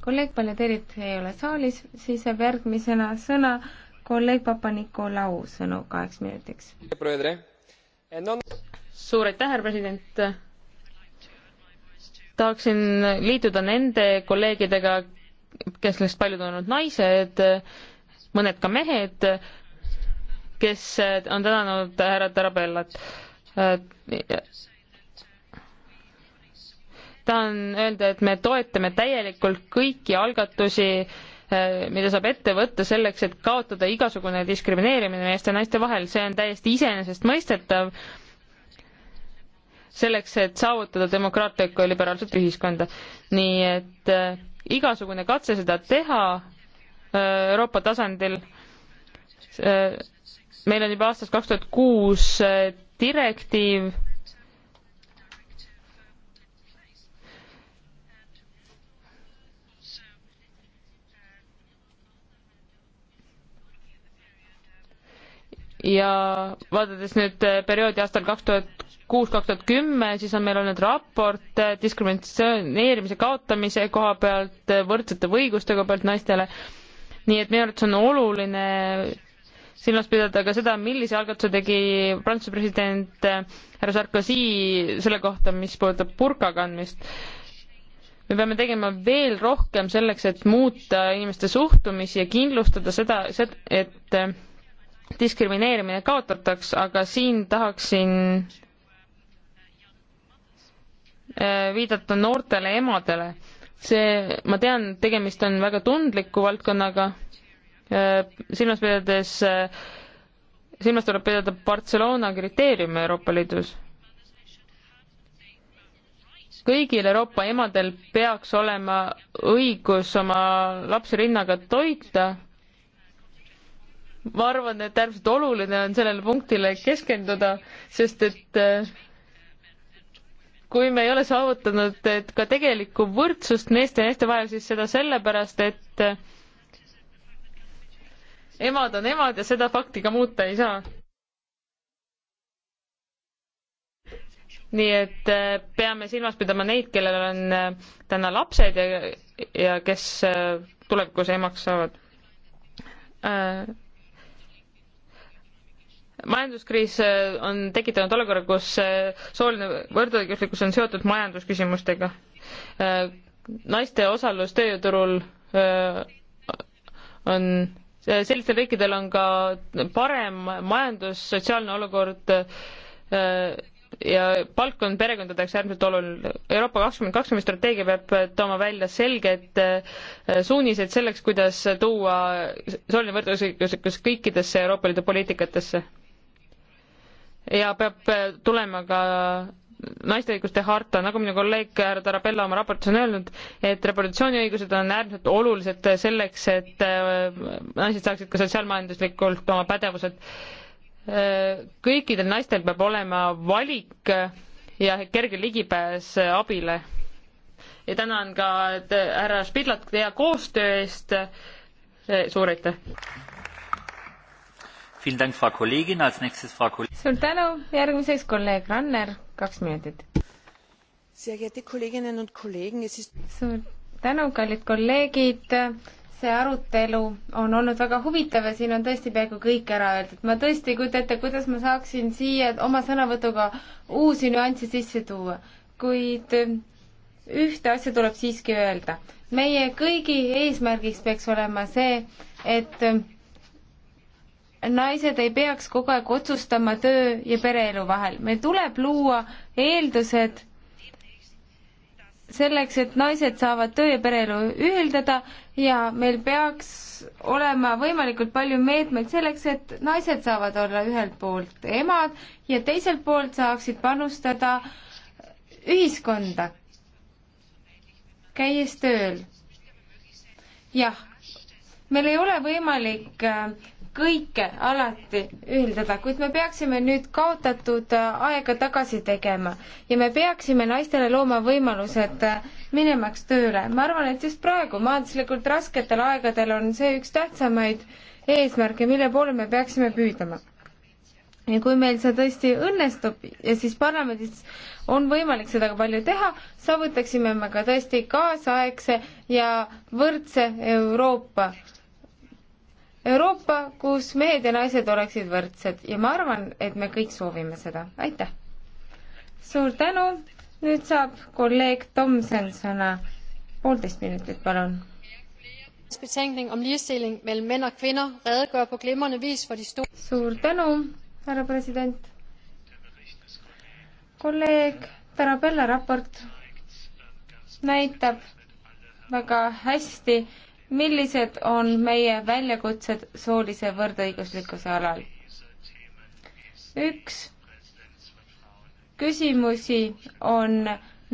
Speaker 5: kolleeg Paljatelit ei ole saalis, siis saab järgmisena sõna kolleeg Papa-Nikolau sõnu kaheks minutiks.
Speaker 3: suur aitäh, härra president. tahaksin liituda nende kolleegidega, kes neist paljud on olnud naised, mõned ka mehed, kes on tänanud härra Tarabellat. tahan öelda, et me toetame täielikult kõiki algatusi, mida saab ette võtta selleks, et kaotada igasugune diskrimineerimine meeste ja naiste vahel, see on täiesti iseenesestmõistetav, selleks, et saavutada demokraatlikku ja liberaalset ühiskonda. nii et eh, igasugune katse seda teha Äh, Euroopa tasandil. Äh, meil on juba aastast kaks tuhat kuus äh, direktiiv, ja vaadates nüüd perioodi aastal kaks tuhat kuus, kaks tuhat kümme, siis on meil olnud raport diskrimineerimise kaotamise koha pealt, võrdsete õiguste koha pealt naistele nii et minu arvates on oluline silmas pidada ka seda, millise algatuse tegi Prantsuse president äh, härra Sarkozy selle kohta, mis puudutab burka kandmist. me peame tegema veel rohkem selleks, et muuta inimeste suhtumisi ja kindlustada seda, et äh, diskrimineerimine kaotataks, aga siin tahaksin äh, viidata noortele emadele see, ma tean, tegemist on väga tundliku valdkonnaga, äh, silmas pidades, äh, silmas tuleb pidada Barcelona kriteeriume Euroopa Liidus. kõigil Euroopa emadel peaks olema õigus oma lapsi rinnaga toita. ma arvan, et äärmiselt oluline on sellele punktile keskenduda, sest et äh, kui me ei ole saavutanud, et ka tegelikku võrdsust meeste ja naiste vahel, siis seda sellepärast, et emad on emad ja seda fakti ka muuta ei saa. nii et äh, peame silmas pidama neid, kellel on äh, täna lapsed ja, ja kes äh, tulevikus emaks saavad äh, majanduskriis äh, on tekitanud olukorra, kus äh, sooline võrdõiguslikkus on seotud majandusküsimustega. Äh, naiste osalus tööjõuturul on, sellistel riikidel on ka parem majandus, sotsiaalne olukord ja palk on perekondade jaoks äärmiselt oluline. Euroopa kakskümmend kakskümmend strateegia peab tooma välja selged suunised selleks, kuidas tuua sooline võrdõiguslikkus kõikidesse Euroopa Liidu poliitikatesse ja peab eh, tulema ka naiste õiguste harta, nagu minu kolleeg härra Tarabella oma raportis on öelnud, et revolutsiooniõigused on äärmiselt olulised selleks, et eh, naised saaksid ka sotsiaalmajanduslikult oma pädevused. Eh, kõikidel naistel peab olema valik ja kerge ligipääs abile. ja tänan ka härra Spidlat hea koostöö eest, suur aitäh! suur
Speaker 5: tänu, järgmiseks kolleeg Ranner, kaks minutit. suur tänu, kallid kolleegid, see arutelu on olnud väga huvitav ja siin on tõesti peaaegu kõik ära öeldud. ma tõesti ei kujuta ette, kuidas ma saaksin siia oma sõnavõtuga uusi nüansse sisse tuua, kuid ühte asja tuleb siiski öelda. meie kõigi eesmärgiks peaks olema see, et naised ei peaks kogu aeg otsustama töö ja pereelu vahel. meil tuleb luua eeldused selleks, et naised saavad töö ja pereelu ühildada ja meil peaks olema võimalikult palju meetmeid selleks, et naised saavad olla ühelt poolt emad ja teiselt poolt saaksid panustada ühiskonda, käies tööl. jah, meil ei ole võimalik äh, kõike alati ühildada, kuid me peaksime nüüd kaotatud äh, aega tagasi tegema ja me peaksime naistele looma võimalused äh, minemaks tööle. ma arvan, et just praegu majanduslikult rasketel aegadel on see üks tähtsamaid eesmärke, mille poole me peaksime püüdlema ja kui meil see tõesti õnnestub ja siis parlamendis on võimalik seda ka palju teha, saavutaksime me ka tõesti kaasaegse ja võrdse Euroopa Euroopa, kus mehed ja naised oleksid võrdsed ja ma arvan, et me kõik soovime seda. aitäh! suur tänu, nüüd saab kolleeg Tomson sõna. poolteist minutit, palun. suur tänu, härra president. kolleeg Tarabella raport näitab väga hästi, millised on meie väljakutsed soolise võrdõiguslikkuse alal? üks küsimusi on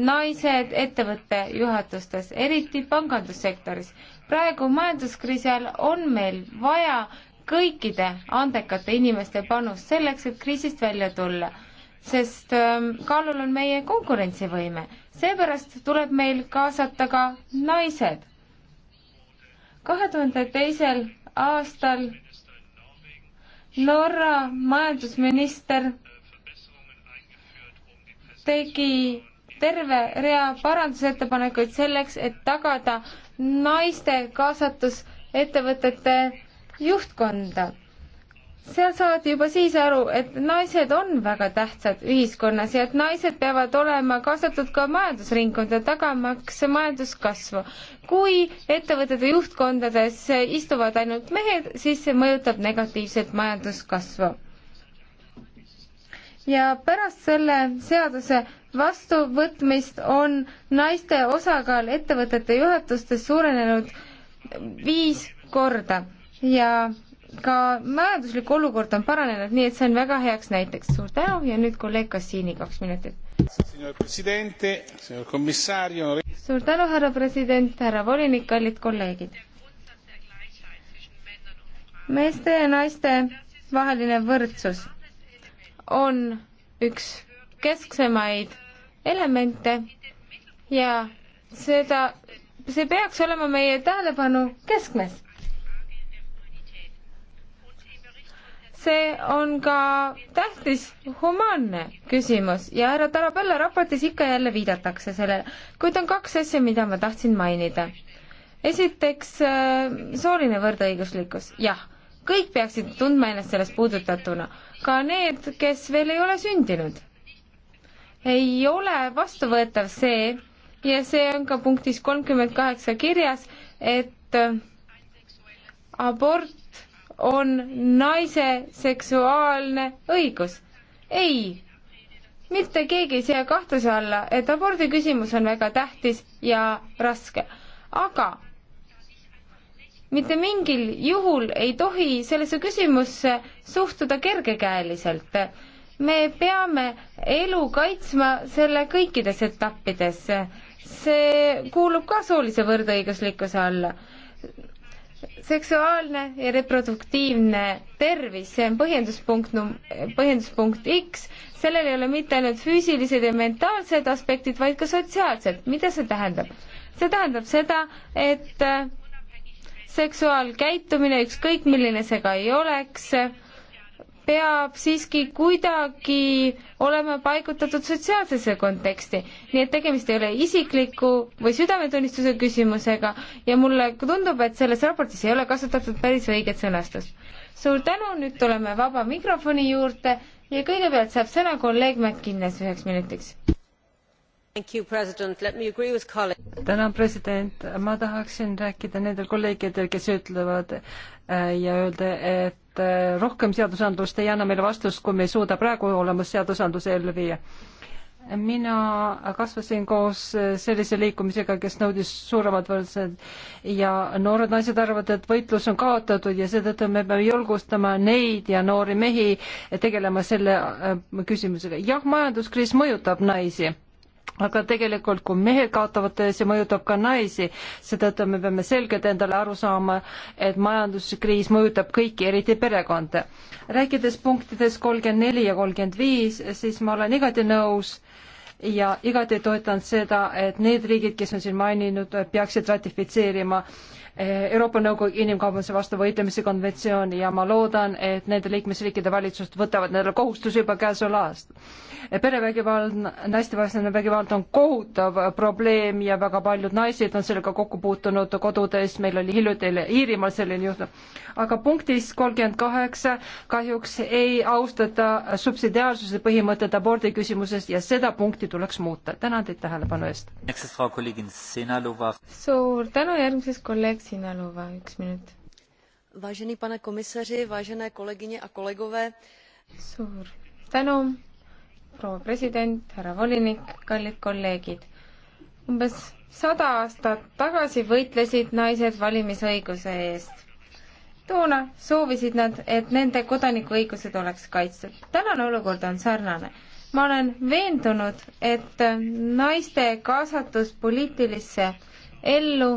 Speaker 5: naised ettevõtte juhatustes, eriti pangandussektoris. praegu majanduskriisi ajal on meil vaja kõikide andekate inimeste panust selleks, et kriisist välja tulla, sest ähm, kaalul on meie konkurentsivõime. seepärast tuleb meil kaasata ka naised kahe tuhande teisel aastal Norra majandusminister tegi terve rea parandusettepanekuid selleks, et tagada naiste kaasatus ettevõtete juhtkonda seal saadi juba siis aru, et naised on väga tähtsad ühiskonnas ja et naised peavad olema kaasatud ka majandusringkonda, tagamaks majanduskasvu. kui ettevõtete juhtkondades istuvad ainult mehed, siis see mõjutab negatiivselt majanduskasvu. ja pärast selle seaduse vastuvõtmist on naiste osakaal ettevõtete juhatustes suurenenud viis korda ja ka majanduslik olukord on paranenud, nii et see on väga heaks näiteks. suur tänu ja nüüd kolleeg Kassiini kaks minutit. suur tänu, härra president, härra volinik, kallid kolleegid. meeste ja naiste vaheline võrdsus on üks kesksemaid elemente ja seda, see peaks olema meie tähelepanu keskmes see on ka tähtis humaanne küsimus ja härra Tarabella raportis ikka jälle viidatakse sellele, kuid on kaks asja, mida ma tahtsin mainida. esiteks äh, sooline võrdõiguslikkus, jah, kõik peaksid tundma ennast sellest puudutatuna, ka need, kes veel ei ole sündinud. ei ole vastuvõetav see ja see on ka punktis kolmkümmend kaheksa kirjas, et abort on naise seksuaalne õigus. ei, mitte keegi ei sea kahtluse alla, et abordi küsimus on väga tähtis ja raske, aga mitte mingil juhul ei tohi sellesse küsimusse suhtuda kergekäeliselt. me peame elu kaitsma selle kõikides etappides. see kuulub ka soolise võrdõiguslikkuse alla seksuaalne ja reproduktiivne tervis, see on põhjenduspunkt num-, põhjenduspunkt X, sellel ei ole mitte ainult füüsilised ja mentaalsed aspektid, vaid ka sotsiaalsed. mida see tähendab? see tähendab seda, et äh, seksuaalkäitumine, ükskõik milline see ka ei oleks, peab siiski kuidagi olema paigutatud sotsiaalsesse konteksti. nii et tegemist ei ole isikliku või südametunnistuse küsimusega ja mulle tundub, et selles raportis ei ole kasutatud päris õiget sõnastust. suur tänu, nüüd tuleme vaba mikrofoni juurde ja kõigepealt saab sõna kolleeg McInnes üheks minutiks.
Speaker 1: tänan, president, ma tahaksin rääkida nendel kolleegidel, kes ütlevad äh, ja öelda, et et eh, rohkem seadusandlust ei anna meile vastust, kui me ei suuda praegu olemas seadusandluse ellu viia. mina kasvasin koos eh, sellise liikumisega, kes nõudis suuremad võrdsed ja noored naised arvavad, et võitlus on kaotatud ja seetõttu me peame julgustama neid ja noori mehi tegelema selle eh, küsimusega. jah, majanduskriis mõjutab naisi aga tegelikult, kui mehed kaotavad töö, see mõjutab ka naisi, seetõttu me peame selgelt endale aru saama, et majanduskriis mõjutab kõiki, eriti perekonda. rääkides punktidest kolmkümmend neli ja kolmkümmend viis, siis ma olen igati nõus ja igati toetan seda, et need riigid, kes on siin maininud, peaksid ratifitseerima äh, Euroopa Nõukogu inimkaubanduse vastu võitlemise konventsiooni ja ma loodan, et nende liikmesriikide valitsust võtavad nendele kohustusi juba käesoleval aastal. perevägivald, naistevastane vägivald on kohutav probleem ja väga paljud naised on sellega kokku puutunud kodudes, meil oli hiljuti Iirimaal selline juhtum. aga punktis kolmkümmend kaheksa kahjuks ei austata subsidiaarsuse põhimõtet abordi küsimuses ja seda punkti tuleks muuta. tänan teid tähelepanu eest.
Speaker 5: suur tänu, järgmises kolleeg Sinalová, üks minut.
Speaker 4: Vážený pane komisaři, vážené kolegyně a kolegové.
Speaker 5: suur tänu, proua president, härra volinik, kallid kolleegid umbes sada aastat tagasi võitlesid naised valimisõiguse eest. toona soovisid nad, et nende kodanikuõigused oleks kaitstud. tänane olukord on sarnane. ma olen veendunud, et naiste kaasatus poliitilisse ellu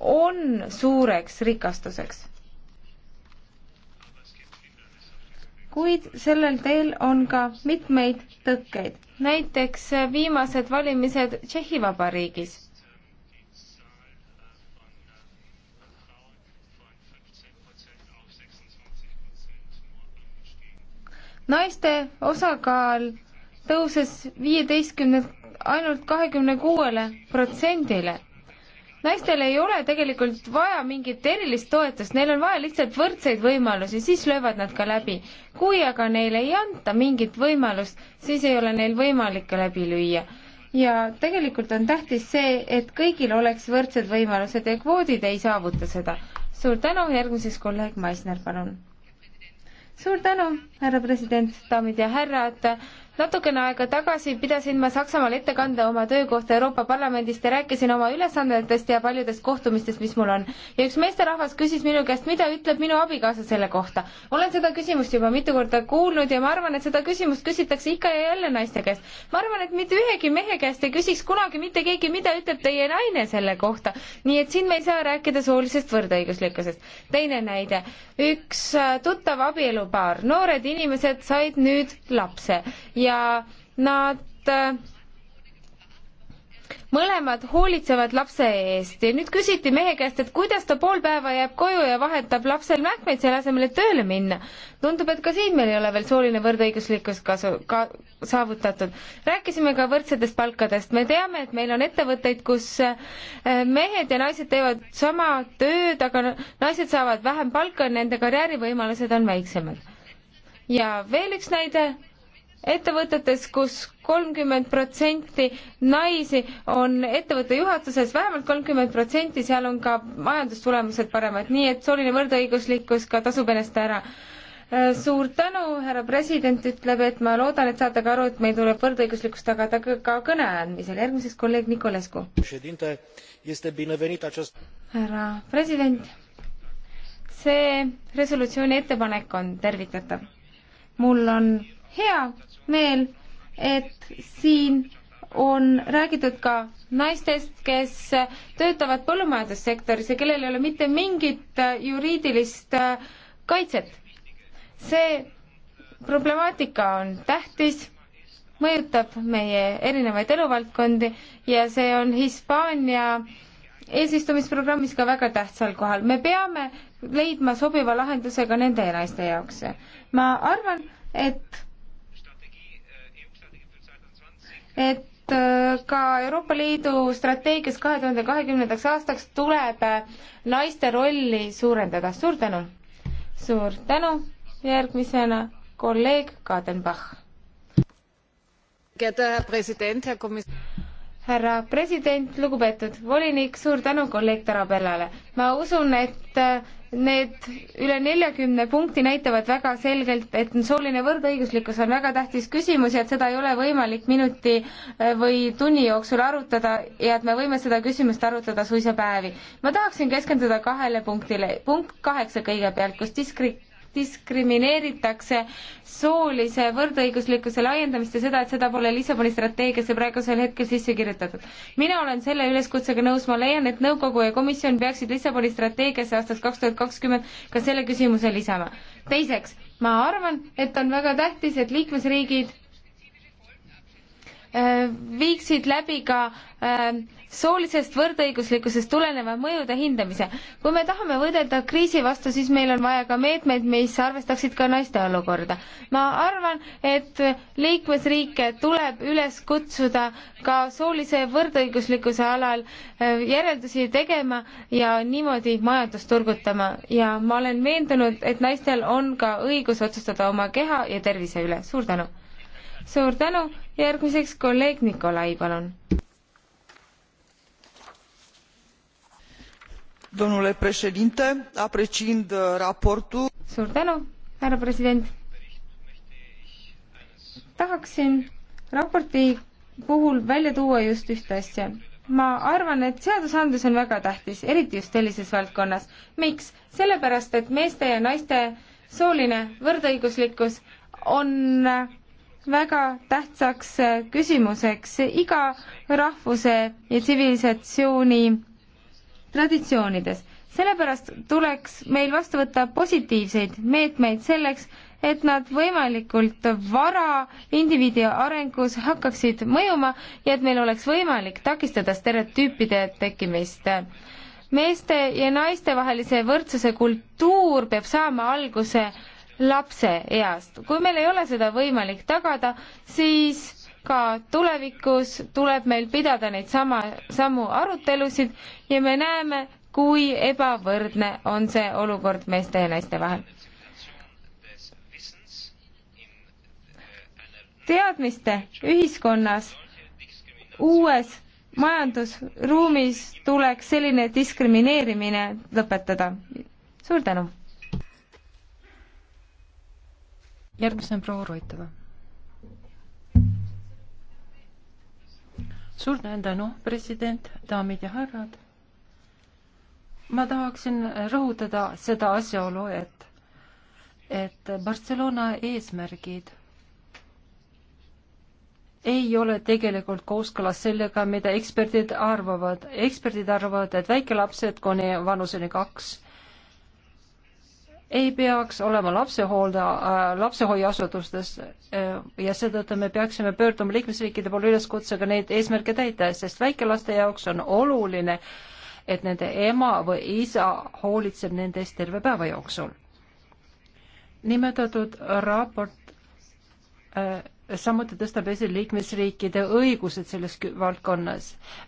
Speaker 5: on suureks rikastuseks. kuid sellel teel on ka mitmeid tõkkeid, näiteks viimased valimised Tšehhi Vabariigis naiste osakaal tõuses viieteistkümnelt ainult kahekümne kuuele protsendile naistel ei ole tegelikult vaja mingit erilist toetust, neil on vaja lihtsalt võrdseid võimalusi, siis löövad nad ka läbi. kui aga neile ei anta mingit võimalust, siis ei ole neil võimalik ka läbi lüüa. ja tegelikult on tähtis see, et kõigil oleks võrdsed võimalused ja kvoodid ei saavuta seda. suur tänu, järgmiseks kolleeg Maisner, palun. suur tänu, härra president, daamid ja härrad natukene aega tagasi pidasin ma Saksamaal ettekande oma töökohta Euroopa Parlamendist ja rääkisin oma ülesannetest ja paljudest kohtumistest, mis mul on. ja üks meesterahvas küsis minu käest, mida ütleb minu abikaasa selle kohta. olen seda küsimust juba mitu korda kuulnud ja ma arvan, et seda küsimust küsitakse ikka ja jälle naiste käest. ma arvan, et mitte ühegi mehe käest ei küsiks kunagi mitte keegi, mida ütleb teie naine selle kohta. nii et siin me ei saa rääkida soolisest võrdõiguslikkusest. teine näide, üks äh, tuttav abielupaar, noored inimesed said nüüd lapse ja ja nad äh, mõlemad hoolitsevad lapse eest ja nüüd küsiti mehe käest, et kuidas ta pool päeva jääb koju ja vahetab lapsel mähkmeid selle asemel, et tööle minna. tundub, et ka siin meil ei ole veel sooline võrdõiguslikkus kasu, ka saavutatud. rääkisime ka võrdsetest palkadest. me teame, et meil on ettevõtteid, kus äh, mehed ja naised teevad sama tööd, aga naised saavad vähem palka, nende karjäärivõimalused on väiksemad. ja veel üks näide ettevõtetes kus, kus kolmkümmend protsenti naisi on ettevõtte juhatuses vähemalt, vähemalt kolmkümmend protsenti, seal on ka majandustulemused paremad, nii et sooline võrdõiguslikkus ka tasub ennast ära äh, suur tänu, härra president ütleb, et ma loodan, et saate ka aru, et meil tuleb võrdõiguslikkus tagada ka kõne andmisel. järgmiseks kolleeg Nikolescu. härra president, see resolutsiooni ettepanek on tervitatav. mul on hea meel, et siin on räägitud ka naistest, kes töötavad põllumajandussektoris ja kellel ei ole mitte mingit äh, juriidilist äh, kaitset. see problemaatika on tähtis, mõjutab meie erinevaid eluvaldkondi ja see on Hispaania eesistumisprogrammis ka väga tähtsal kohal. me peame leidma sobiva lahenduse ka nende naiste jaoks. ma arvan, et et äh, ka Euroopa Liidu strateegias kahe tuhande kahekümnendaks aastaks tuleb äh, naiste rolli suurendada. suur tänu! suur tänu, järgmisena kolleeg Kadenbach härra president, lugupeetud volinik, suur tänu kolleeg Tarabellale. ma usun, et äh, need üle neljakümne punkti näitavad väga selgelt, et sooline võrdõiguslikkus on väga tähtis küsimus ja et seda ei ole võimalik minuti äh, või tunni jooksul arutada ja et me võime seda küsimust arutada suisa päevi. ma tahaksin keskenduda kahele punktile, punkt kaheksa kõigepealt, kus diskri-, diskrimineeritakse soolise võrdõiguslikkuse laiendamist ja seda, et seda pole Lissaboni strateegiasse praegusel hetkel sisse kirjutatud. mina olen selle üleskutsega nõus, ma leian, et nõukogu ja komisjon peaksid Lissaboni strateegiasse aastast kaks tuhat kakskümmend ka selle küsimuse lisama. teiseks, ma arvan, et on väga tähtis, et liikmesriigid viiksid läbi ka ähm, soolisest võrdõiguslikkusest tuleneva mõjude hindamise. kui me tahame võidelda kriisi vastu, siis meil on vaja ka meetmeid, mis arvestaksid ka naiste olukorda. ma arvan, et liikmesriike tuleb üles kutsuda ka soolise võrdõiguslikkuse alal äh, järeldusi tegema ja niimoodi majandust turgutama ja ma olen veendunud, et naistel on ka õigus otsustada oma keha ja tervise üle. suur tänu! suur tänu, järgmiseks kolleeg Nikolai, palun.
Speaker 2: domnule președinte, apreciind uh, raportul.
Speaker 5: suur tänu, härra president. tahaksin raporti puhul välja tuua just ühte asja ma arvan, et seadusandlus on väga tähtis, eriti just sellises valdkonnas. miks? sellepärast, et meeste ja naiste sooline võrdõiguslikkus on väga tähtsaks äh, küsimuseks iga rahvuse ja tsivilisatsiooni traditsioonides. sellepärast tuleks meil vastu võtta positiivseid meetmeid selleks, et nad võimalikult vara indiviidi arengus hakkaksid mõjuma ja et meil oleks võimalik takistada stereotüüpide tekkimist meeste ja naiste vahelise võrdsuse kultuur peab saama alguse lapse east. kui meil ei ole seda võimalik tagada, siis ka tulevikus tuleb meil pidada neid sama, samu arutelusid ja me näeme, kui ebavõrdne on see olukord meeste ja naiste vahel. teadmiste ühiskonnas uues majandusruumis tuleks selline diskrimineerimine lõpetada. suur tänu! järgmisena
Speaker 1: proua Roitova. suur tänu, president, daamid ja härrad. ma tahaksin rõhutada seda asjaolu, et, et Barcelona eesmärgid ei ole tegelikult kooskõlas sellega, mida eksperdid arvavad. eksperdid arvavad, et väikelapsed kuni vanuseni kaks ei peaks olema lapsehooldaja äh,, lapsehoiuasutustes äh, ja seetõttu me peaksime pöörduma liikmesriikide poole üleskutsega neid eesmärke täita, sest väikelaste jaoks on oluline, et nende ema või isa hoolitseb nende eest terve päeva jooksul. nimetatud raport äh, samuti tõstab esile liikmesriikide õigused selles valdkonnas.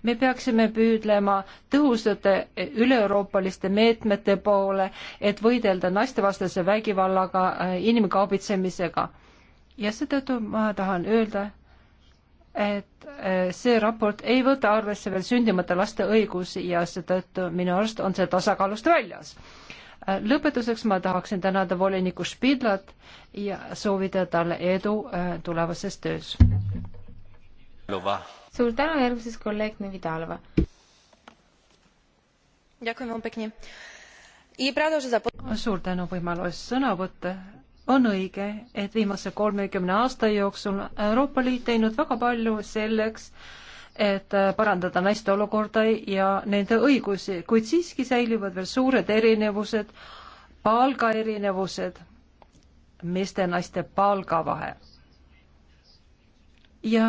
Speaker 1: me peaksime püüdlema tõhusate e, üle-euroopaliste meetmete poole, et võidelda naistevastase vägivallaga, e, inimkaubitsemisega. ja seetõttu ma tahan öelda, et e, see raport ei võta arvesse veel sündimata laste õigusi ja seetõttu minu arust on see tasakaalust väljas lõpetuseks ma tahaksin tänada volinikku Spidlat ja soovida talle
Speaker 5: edu äh, tulevases töös. suur tänu, järgmises kolleeg Nevidalova.
Speaker 1: suur tänu võimaluse sõna võtta on õige, et viimase kolmekümne aasta jooksul Euroopa Liit teinud väga palju selleks, et äh, parandada naiste olukorda ja nende õigusi, kuid siiski säilivad veel suured erinevused, palgaerinevused, meeste ja naiste palgavahe. ja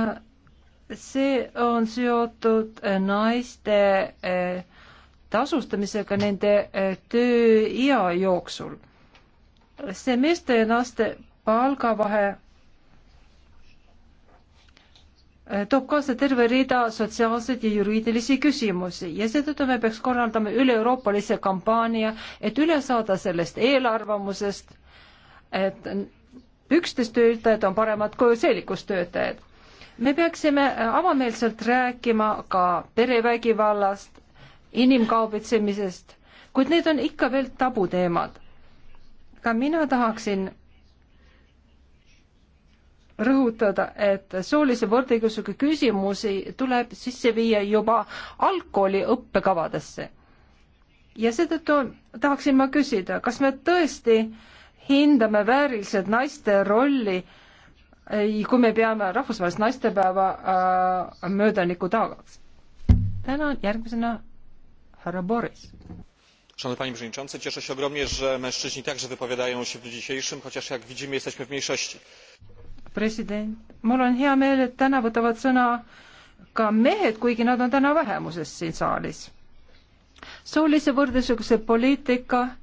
Speaker 1: see on seotud äh, naiste äh, tasustamisega nende tööea jooksul. see meeste ja naiste palgavahe Äh, toob kaasa terve rida sotsiaalseid ja juriidilisi küsimusi ja seetõttu me peaks korraldama üle-euroopalise kampaania, et üle saada sellest eelarvamusest, et üksteist töötajad on paremad kui seelikus töötajad. me peaksime avameelselt rääkima ka perevägivallast, inimkaubitsemisest, kuid need on ikka veel tabuteemad. ka mina tahaksin rõhutada, et soolise võrdõigusega küsimusi tuleb sisse viia juba algkooli õppekavadesse. ja seetõttu tahaksin ma küsida, kas me tõesti hindame vääriliselt naiste rolli, kui me peame rahvusvahelist naistepäeva äh, möödaniku tagaks? tänan, järgmisena härra Boris.
Speaker 4: Szanowny Panie Przewodniczący, cieszę się ogromnie, że mężczyźni także wypowiadają się w dniu dzisiejszym, chociaż jak widzimy jesteśmy w mniejszości
Speaker 1: president, mul on hea meel, et täna võtavad sõna ka mehed, kuigi nad on täna vähemuses siin saalis. soolise võrdlusuguse poliitika äh,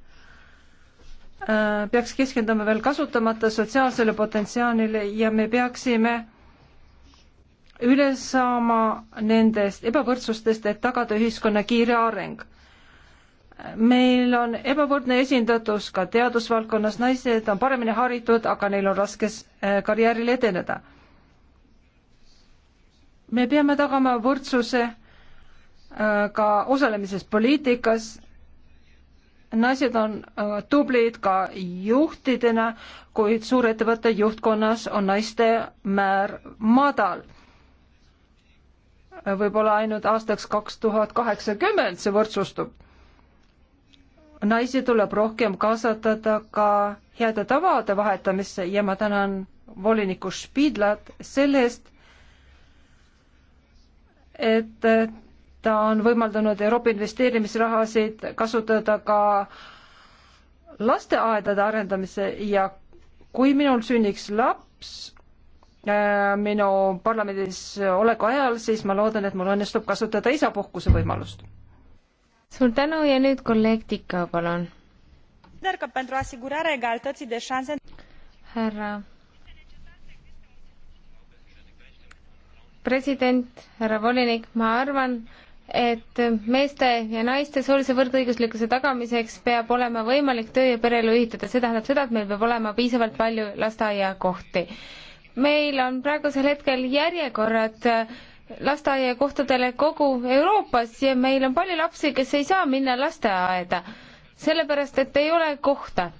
Speaker 1: peaks keskenduma veel kasutamata sotsiaalsele potentsiaalile ja me peaksime üle saama nendest ebavõrdsustest, et tagada ühiskonna kiire areng meil on ebavõrdne esindatus ka teadusvaldkonnas, naised on paremini haritud, aga neil on raske äh, karjääril edeneda. me peame tagama võrdsuse äh, ka osalemises poliitikas. naised on äh, tublid ka juhtidena, kuid suurettevõtte juhtkonnas on naiste määr madal võib-olla ainult aastaks kaks tuhat kaheksakümmend see võrdsustub naisi tuleb rohkem kaasatada ka heade tavade vahetamisse ja ma tänan volinikku Spidlat selle eest, et ta on võimaldanud Euroopa investeerimisrahasid kasutada ka lasteaedade arendamise ja kui minul sünniks laps äh, minu parlamendis oleku ajal, siis ma loodan, et mul
Speaker 5: õnnestub kasutada isapuhkuse võimalust suur tänu ja nüüd kolleeg Tikau, palun. härra president, härra volinik, ma arvan, et meeste ja naiste soolise võrdõiguslikkuse tagamiseks peab olema võimalik töö ja pereelu ühitada, see tähendab seda, et meil peab olema piisavalt palju lasteaiakohti. meil on praegusel hetkel järjekorrad lasteaiakohtadele kogu Euroopas ja meil on palju lapsi, kes ei saa minna lasteaeda, sellepärast et ei ole kohta.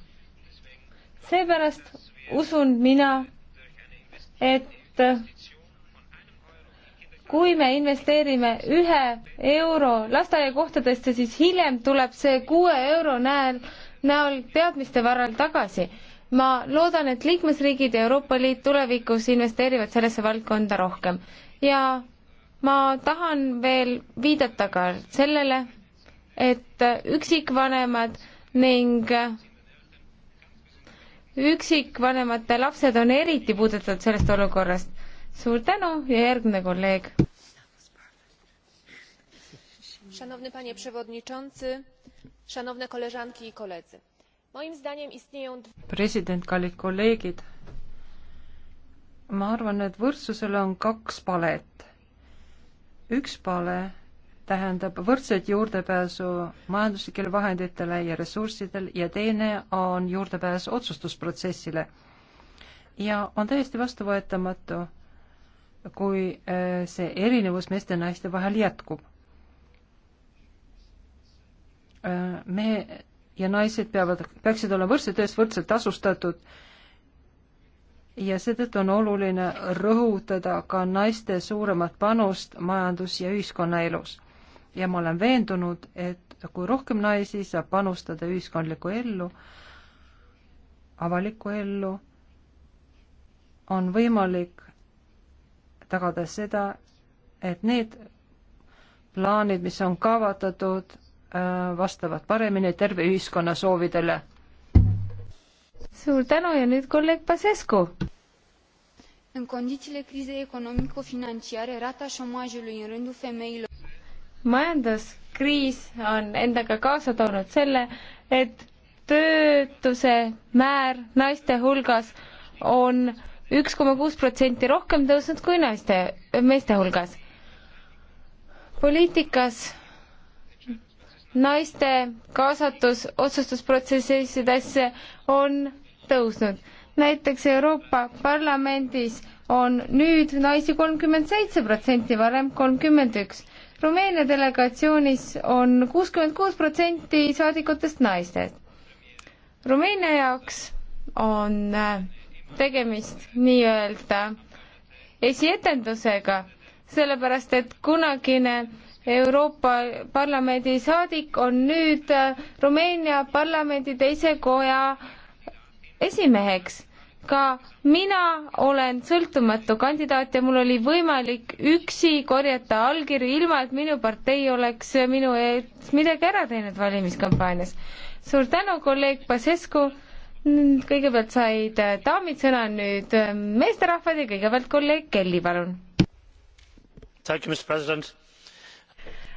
Speaker 5: seepärast usun mina, et kui me investeerime ühe euro lasteaiakohtadesse, siis hiljem tuleb see kuue euro näol, näol teadmiste varral tagasi. ma loodan, et liikmesriigid ja Euroopa Liit tulevikus investeerivad sellesse valdkonda rohkem ja ma tahan veel viidata ka sellele, et üksikvanemad ning üksikvanemate lapsed on eriti puudutatud sellest olukorrast. suur tänu ja järgmine kolleeg. Szanowny panie przewodniczący, szanowne koleżanki i koledzy. Moim zdaniem istnieją
Speaker 1: President, kallid kolleegid. Ma arvan, et võrdsusele on kaks palet üks pale tähendab võrdset juurdepääsu majanduslikele vahenditele ja ressurssidel ja teine on juurdepääs otsustusprotsessile. ja on täiesti vastuvõetamatu, kui äh, see erinevus meeste ja naiste vahel jätkub. Äh, mehe ja naised peavad, peaksid olema võrdse töö eest võrdselt tasustatud ja seetõttu on oluline rõhutada ka naiste suuremat panust majandus- ja ühiskonnaelus. ja ma olen veendunud, et kui rohkem naisi saab panustada ühiskondlikku ellu, avalikku ellu, on võimalik tagada seda, et need plaanid, mis on kavatatud, äh, vastavad paremini terve ühiskonna
Speaker 5: soovidele suur tänu ja nüüd kolleeg Pasescu. În condițiile crizei economico-financiare, rata șomajului în rândul femeilor majanduskriis on endaga kaasa toonud selle, et töötuse määr naiste hulgas on üks koma kuus protsenti rohkem tõusnud kui naiste, meeste hulgas. poliitikas naiste kaasatus otsustusprotsessidesse on tõusnud. näiteks Euroopa Parlamendis on nüüd naisi kolmkümmend seitse protsenti, varem kolmkümmend üks. Rumeenia delegatsioonis on kuuskümmend kuus protsenti saadikutest naistest. Rumeenia jaoks on äh, tegemist nii-öelda esietendusega, sellepärast et kunagine Euroopa Parlamendi saadik on nüüd äh, Rumeenia parlamendi teise koja esimeheks, ka mina olen sõltumatu kandidaat ja mul oli võimalik üksi korjata allkiri, ilma et minu partei oleks minu ees midagi ära teinud valimiskampaanias. suur tänu, kolleeg Pasescu, kõigepealt said äh, daamid sõna, nüüd äh,
Speaker 3: meesterahvad ja kõigepealt kolleeg Kelly, palun.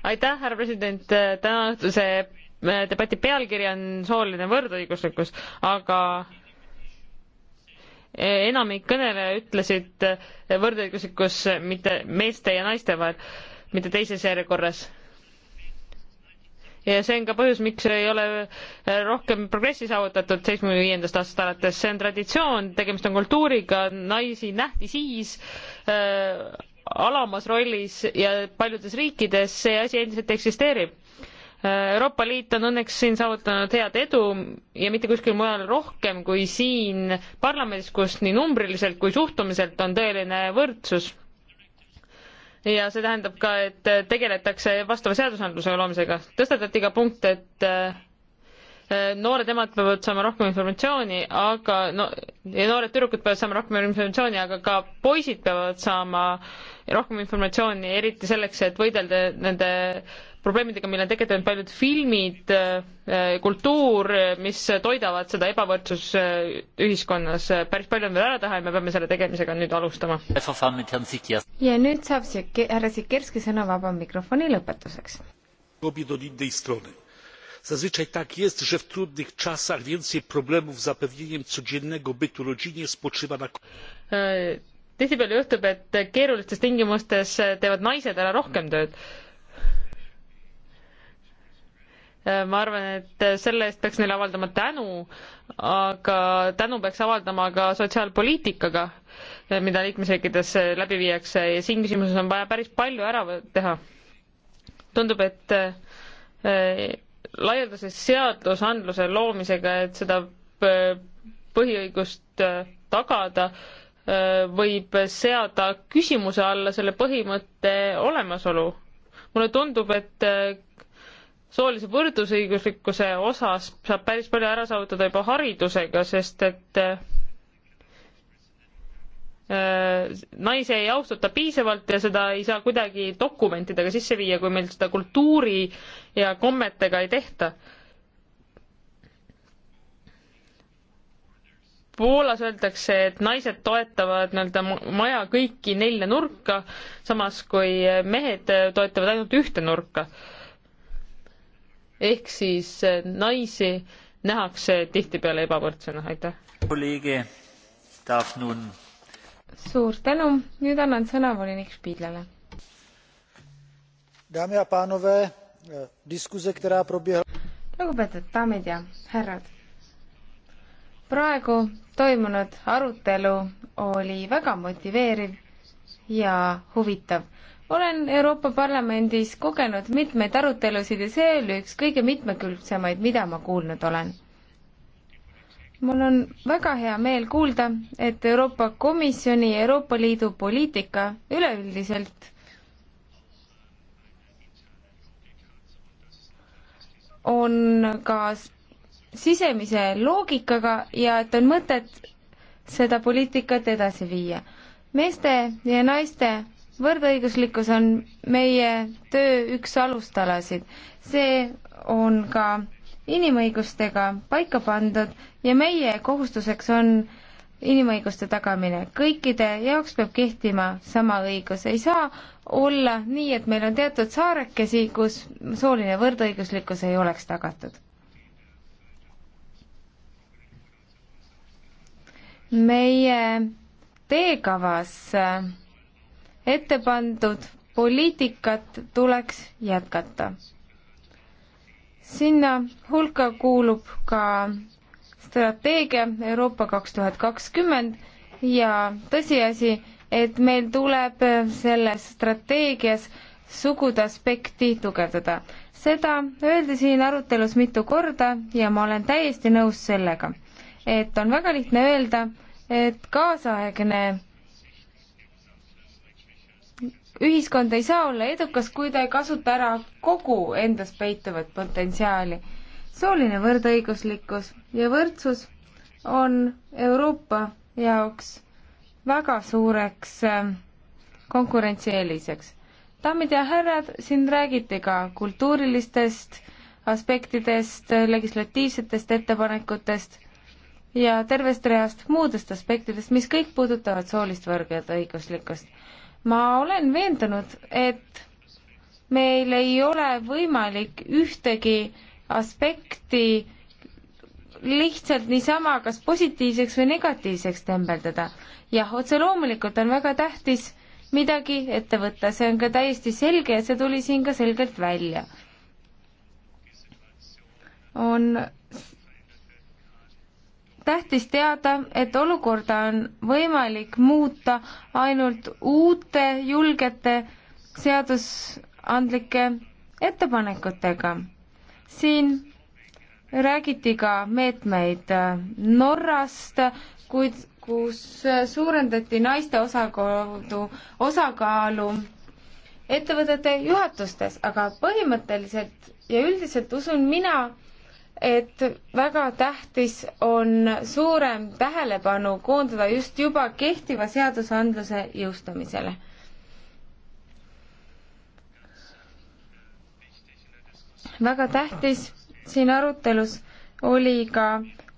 Speaker 3: aitäh, härra president, tänaõhtuse äh, debati pealkiri on sooline võrdõiguslikkus, aga enamik kõneleja ütlesid võrdõiguslikkus mitte meeste ja naiste vahel, mitte teises järjekorras. ja see on ka põhjus, miks ei ole rohkem progressi saavutatud seitsmekümne viiendast aastast alates, see on traditsioon, tegemist on kultuuriga, naisi nähti siis äh, alamas rollis ja paljudes riikides see asi endiselt eksisteerib Euroopa Liit on õnneks siin saavutanud head edu ja mitte kuskil mujal rohkem kui siin parlamendis, kus nii numbriliselt kui suhtumiselt on tõeline võrdsus. ja see tähendab ka, et tegeletakse vastava seadusandluse loomisega. tõstatati ka punkt, et äh, noored emad peavad saama rohkem informatsiooni, aga no ja noored tüdrukud peavad saama rohkem informatsiooni, aga ka poisid peavad saama äh, rohkem informatsiooni, eriti selleks, et võidelda nende probleemidega, mille on tekitanud paljud filmid, äh, äh, kultuur, mis toidavad seda ebavõrdsus äh, ühiskonnas. päris palju on veel ära teha ja me peame selle tegemisega nüüd alustama.
Speaker 5: ja nüüd saab siuke, härra Sikerski sõna vaba mikrofoni lõpetuseks.
Speaker 2: Zazwyczaj tak jest, że w trudnych czasach więcej problemów z zapewnieniem codziennego bytu rodzinie spoczywa na
Speaker 3: tihtipeale juhtub, et keerulistes tingimustes teevad naised ära rohkem tööd. ma arvan, et selle eest peaks neile avaldama tänu, aga tänu peaks avaldama ka sotsiaalpoliitikaga, mida liikmesriikides läbi viiakse ja siin küsimuses on vaja päris palju ära teha. tundub, et eh, laialdase seadusandluse loomisega, et seda eh, põhiõigust eh, tagada, võib seada küsimuse alla selle põhimõtte olemasolu. mulle tundub, et äh, soolise võrdusõiguslikkuse osas saab päris palju ära saavutada juba haridusega, sest et äh, äh, naisi ei austata piisavalt ja seda ei saa kuidagi dokumentidega sisse viia, kui meil seda kultuuri ja kommetega ei tehta Poolas öeldakse, et naised toetavad nii-öelda maja kõiki nelja nurka, samas kui mehed toetavad ainult ühte nurka. ehk siis eh, naisi nähakse tihtipeale ebavõrdsena, aitäh.
Speaker 5: suur tänu, nüüd annan sõna volinik Spiidlale. Eh, lugupeetud daamid ja härrad, praegu toimunud arutelu oli väga motiveeriv ja huvitav. olen Euroopa Parlamendis kogenud mitmeid arutelusid ja see oli üks kõige mitmekülgsemaid, mida ma kuulnud olen. mul on väga hea meel kuulda, et Euroopa Komisjoni ja Euroopa Liidu poliitika üleüldiselt on ka sisemise loogikaga ja et on mõtet seda poliitikat edasi viia. meeste ja naiste võrdõiguslikkus on meie töö üks alustalasid. see on ka inimõigustega paika pandud ja meie kohustuseks on inimõiguste tagamine. kõikide jaoks peab kehtima sama õigus. ei saa olla nii, et meil on teatud saarekesi, kus sooline võrdõiguslikkus ei oleks tagatud meie teekavas äh, ette pandud poliitikat tuleks jätkata. sinna hulka kuulub ka strateegia Euroopa kaks tuhat kakskümmend ja tõsiasi, et meil tuleb selles strateegias sugude aspekti tugevdada. seda öeldi siin arutelus mitu korda ja ma olen täiesti nõus sellega et on väga lihtne öelda, et kaasaegne ühiskond ei saa olla edukas, kui ta ei kasuta ära kogu endas peituvat potentsiaali. sooline võrdõiguslikkus ja võrdsus on Euroopa jaoks väga suureks ähm, konkurentsieeliseks. daamid ja härrad, siin räägiti ka kultuurilistest aspektidest, legislatiivsetest ettepanekutest ja tervest reast muudest aspektidest, mis kõik puudutavad soolist võrdõiguslikkust. ma olen veendunud, et meil ei ole võimalik ühtegi aspekti lihtsalt niisama kas positiivseks või negatiivseks tembeldada. jah, otse loomulikult on väga tähtis midagi ette võtta, see on ka täiesti selge ja see tuli siin ka selgelt välja. on tähtis teada, et olukorda on võimalik muuta ainult uute julgete seadusandlike ettepanekutega. siin räägiti ka meetmeid äh, Norrast, kuid kus äh, suurendati naiste osakaalu, osakaalu ettevõtete juhatustes, aga põhimõtteliselt ja üldiselt usun mina, et väga tähtis on suurem tähelepanu koondada just juba kehtiva seadusandluse jõustamisele. väga tähtis siin arutelus oli ka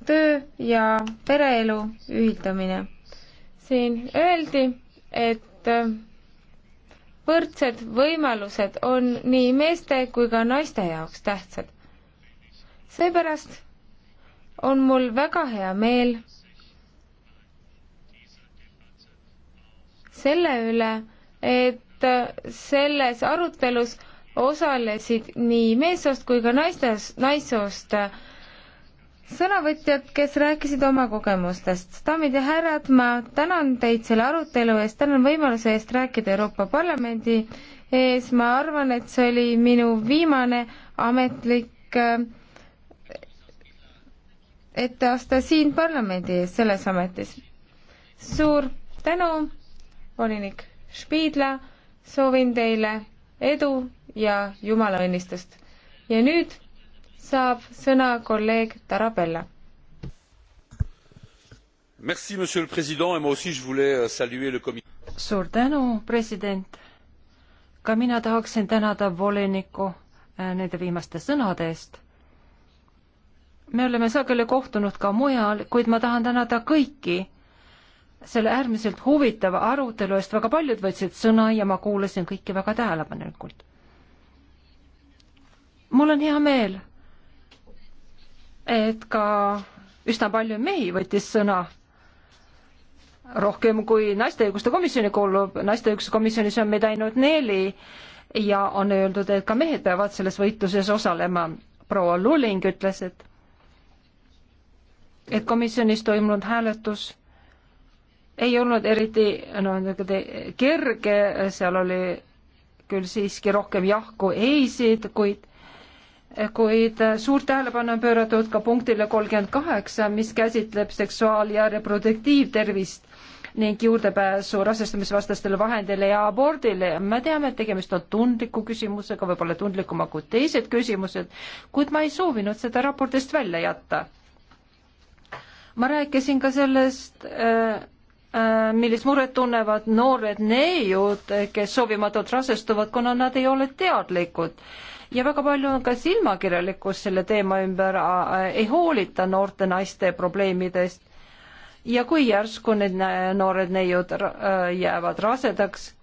Speaker 5: töö ja pereelu ühildamine. siin öeldi, et võrdsed võimalused on nii meeste kui ka naiste jaoks tähtsad seepärast on mul väga hea meel selle üle, et selles arutelus osalesid nii meessoost kui ka naistest, naissoost sõnavõtjad, kes rääkisid oma kogemustest. daamid ja härrad, ma tänan teid selle arutelu eest, tänan võimaluse eest rääkida Euroopa Parlamendi ees, ma arvan, et see oli minu viimane ametlik äh, et aasta siin parlamendi ees selles ametis. suur tänu, volinik Spiidla, soovin teile edu ja jumala õnnistust. ja nüüd saab sõna kolleeg Tarabella.
Speaker 2: Merci, monsieur le président, et moi aussi je voulais euh, saluer le comité.
Speaker 1: suur tänu, president. ka mina tahaksin tänada volinikku äh, nende viimaste sõnade eest me oleme sageli kohtunud ka mujal, kuid ma tahan tänada kõiki selle äärmiselt huvitava arutelu eest, väga paljud võtsid sõna ja ma kuulasin kõiki väga tähelepanelikult. mul on hea meel, et ka üsna palju mehi võttis sõna, rohkem kui naiste õiguste komisjoni kuulub, naiste õiguste komisjonis on meid ainult neli ja on öeldud, et ka mehed peavad selles võitluses osalema. proua Luling ütles, et et komisjonis toimunud hääletus ei olnud eriti no, kerge, seal oli küll siiski rohkem jah kui ei-sid, kuid, kuid suurt tähelepanu on pööratud ka punktile kolmkümmend kaheksa, mis käsitleb seksuaal- ja reproduktiivtervist ning juurdepääsu rasestamisvastastele vahendile ja abordile. me teame, et tegemist on tundliku küsimusega, võib-olla tundlikuma kui teised küsimused, kuid ma ei soovinud seda raportist välja jätta ma rääkisin ka sellest äh, äh, millist muret tunnevad noored neiud, kes soovimatult rasestuvad, kuna nad ei ole teadlikud. ja väga palju on ka silmakirjalikkust selle teema ümber äh,, äh ei hoolita noorte naiste probleemidest. ja kui järsku need noored neiud äh, jäävad rasedaks,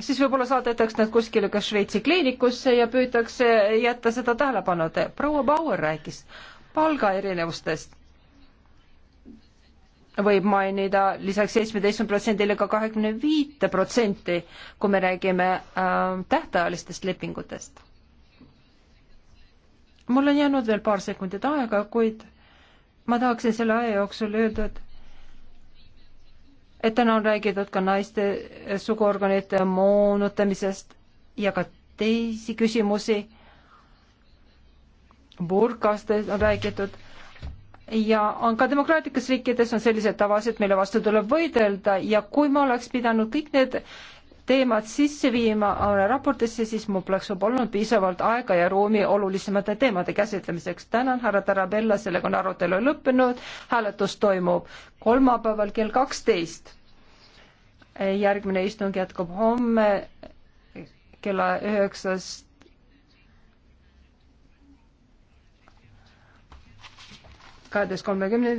Speaker 1: siis võib-olla saadetakse nad kuskile ka Šveitsi kliinikusse ja püütakse jätta seda tähelepanuta. proua Bauer rääkis palgaerinevustest võib mainida lisaks seitsmeteistkümne protsendile ka kahekümne viite protsenti, kui me räägime äh, tähtajalistest lepingutest. mul on jäänud veel paar sekundit aega, kuid ma tahaksin selle aja jooksul öelda, et et täna on räägitud ka naiste suguorganite moonutamisest ja ka teisi küsimusi. burkastest on räägitud ja on ka demokraatlikes riikides on sellised tavasid, mille vastu tuleb võidelda ja kui ma oleks pidanud kõik need teemad sisse viima raportisse, siis mul poleks võib-olla olnud piisavalt aega ja ruumi olulisemate teemade käsitlemiseks. tänan, härra Tarabella, sellega on arutelu lõppenud, hääletus toimub kolmapäeval kell kaksteist. järgmine istung jätkub homme kella
Speaker 3: üheksast kaheteist kolmekümne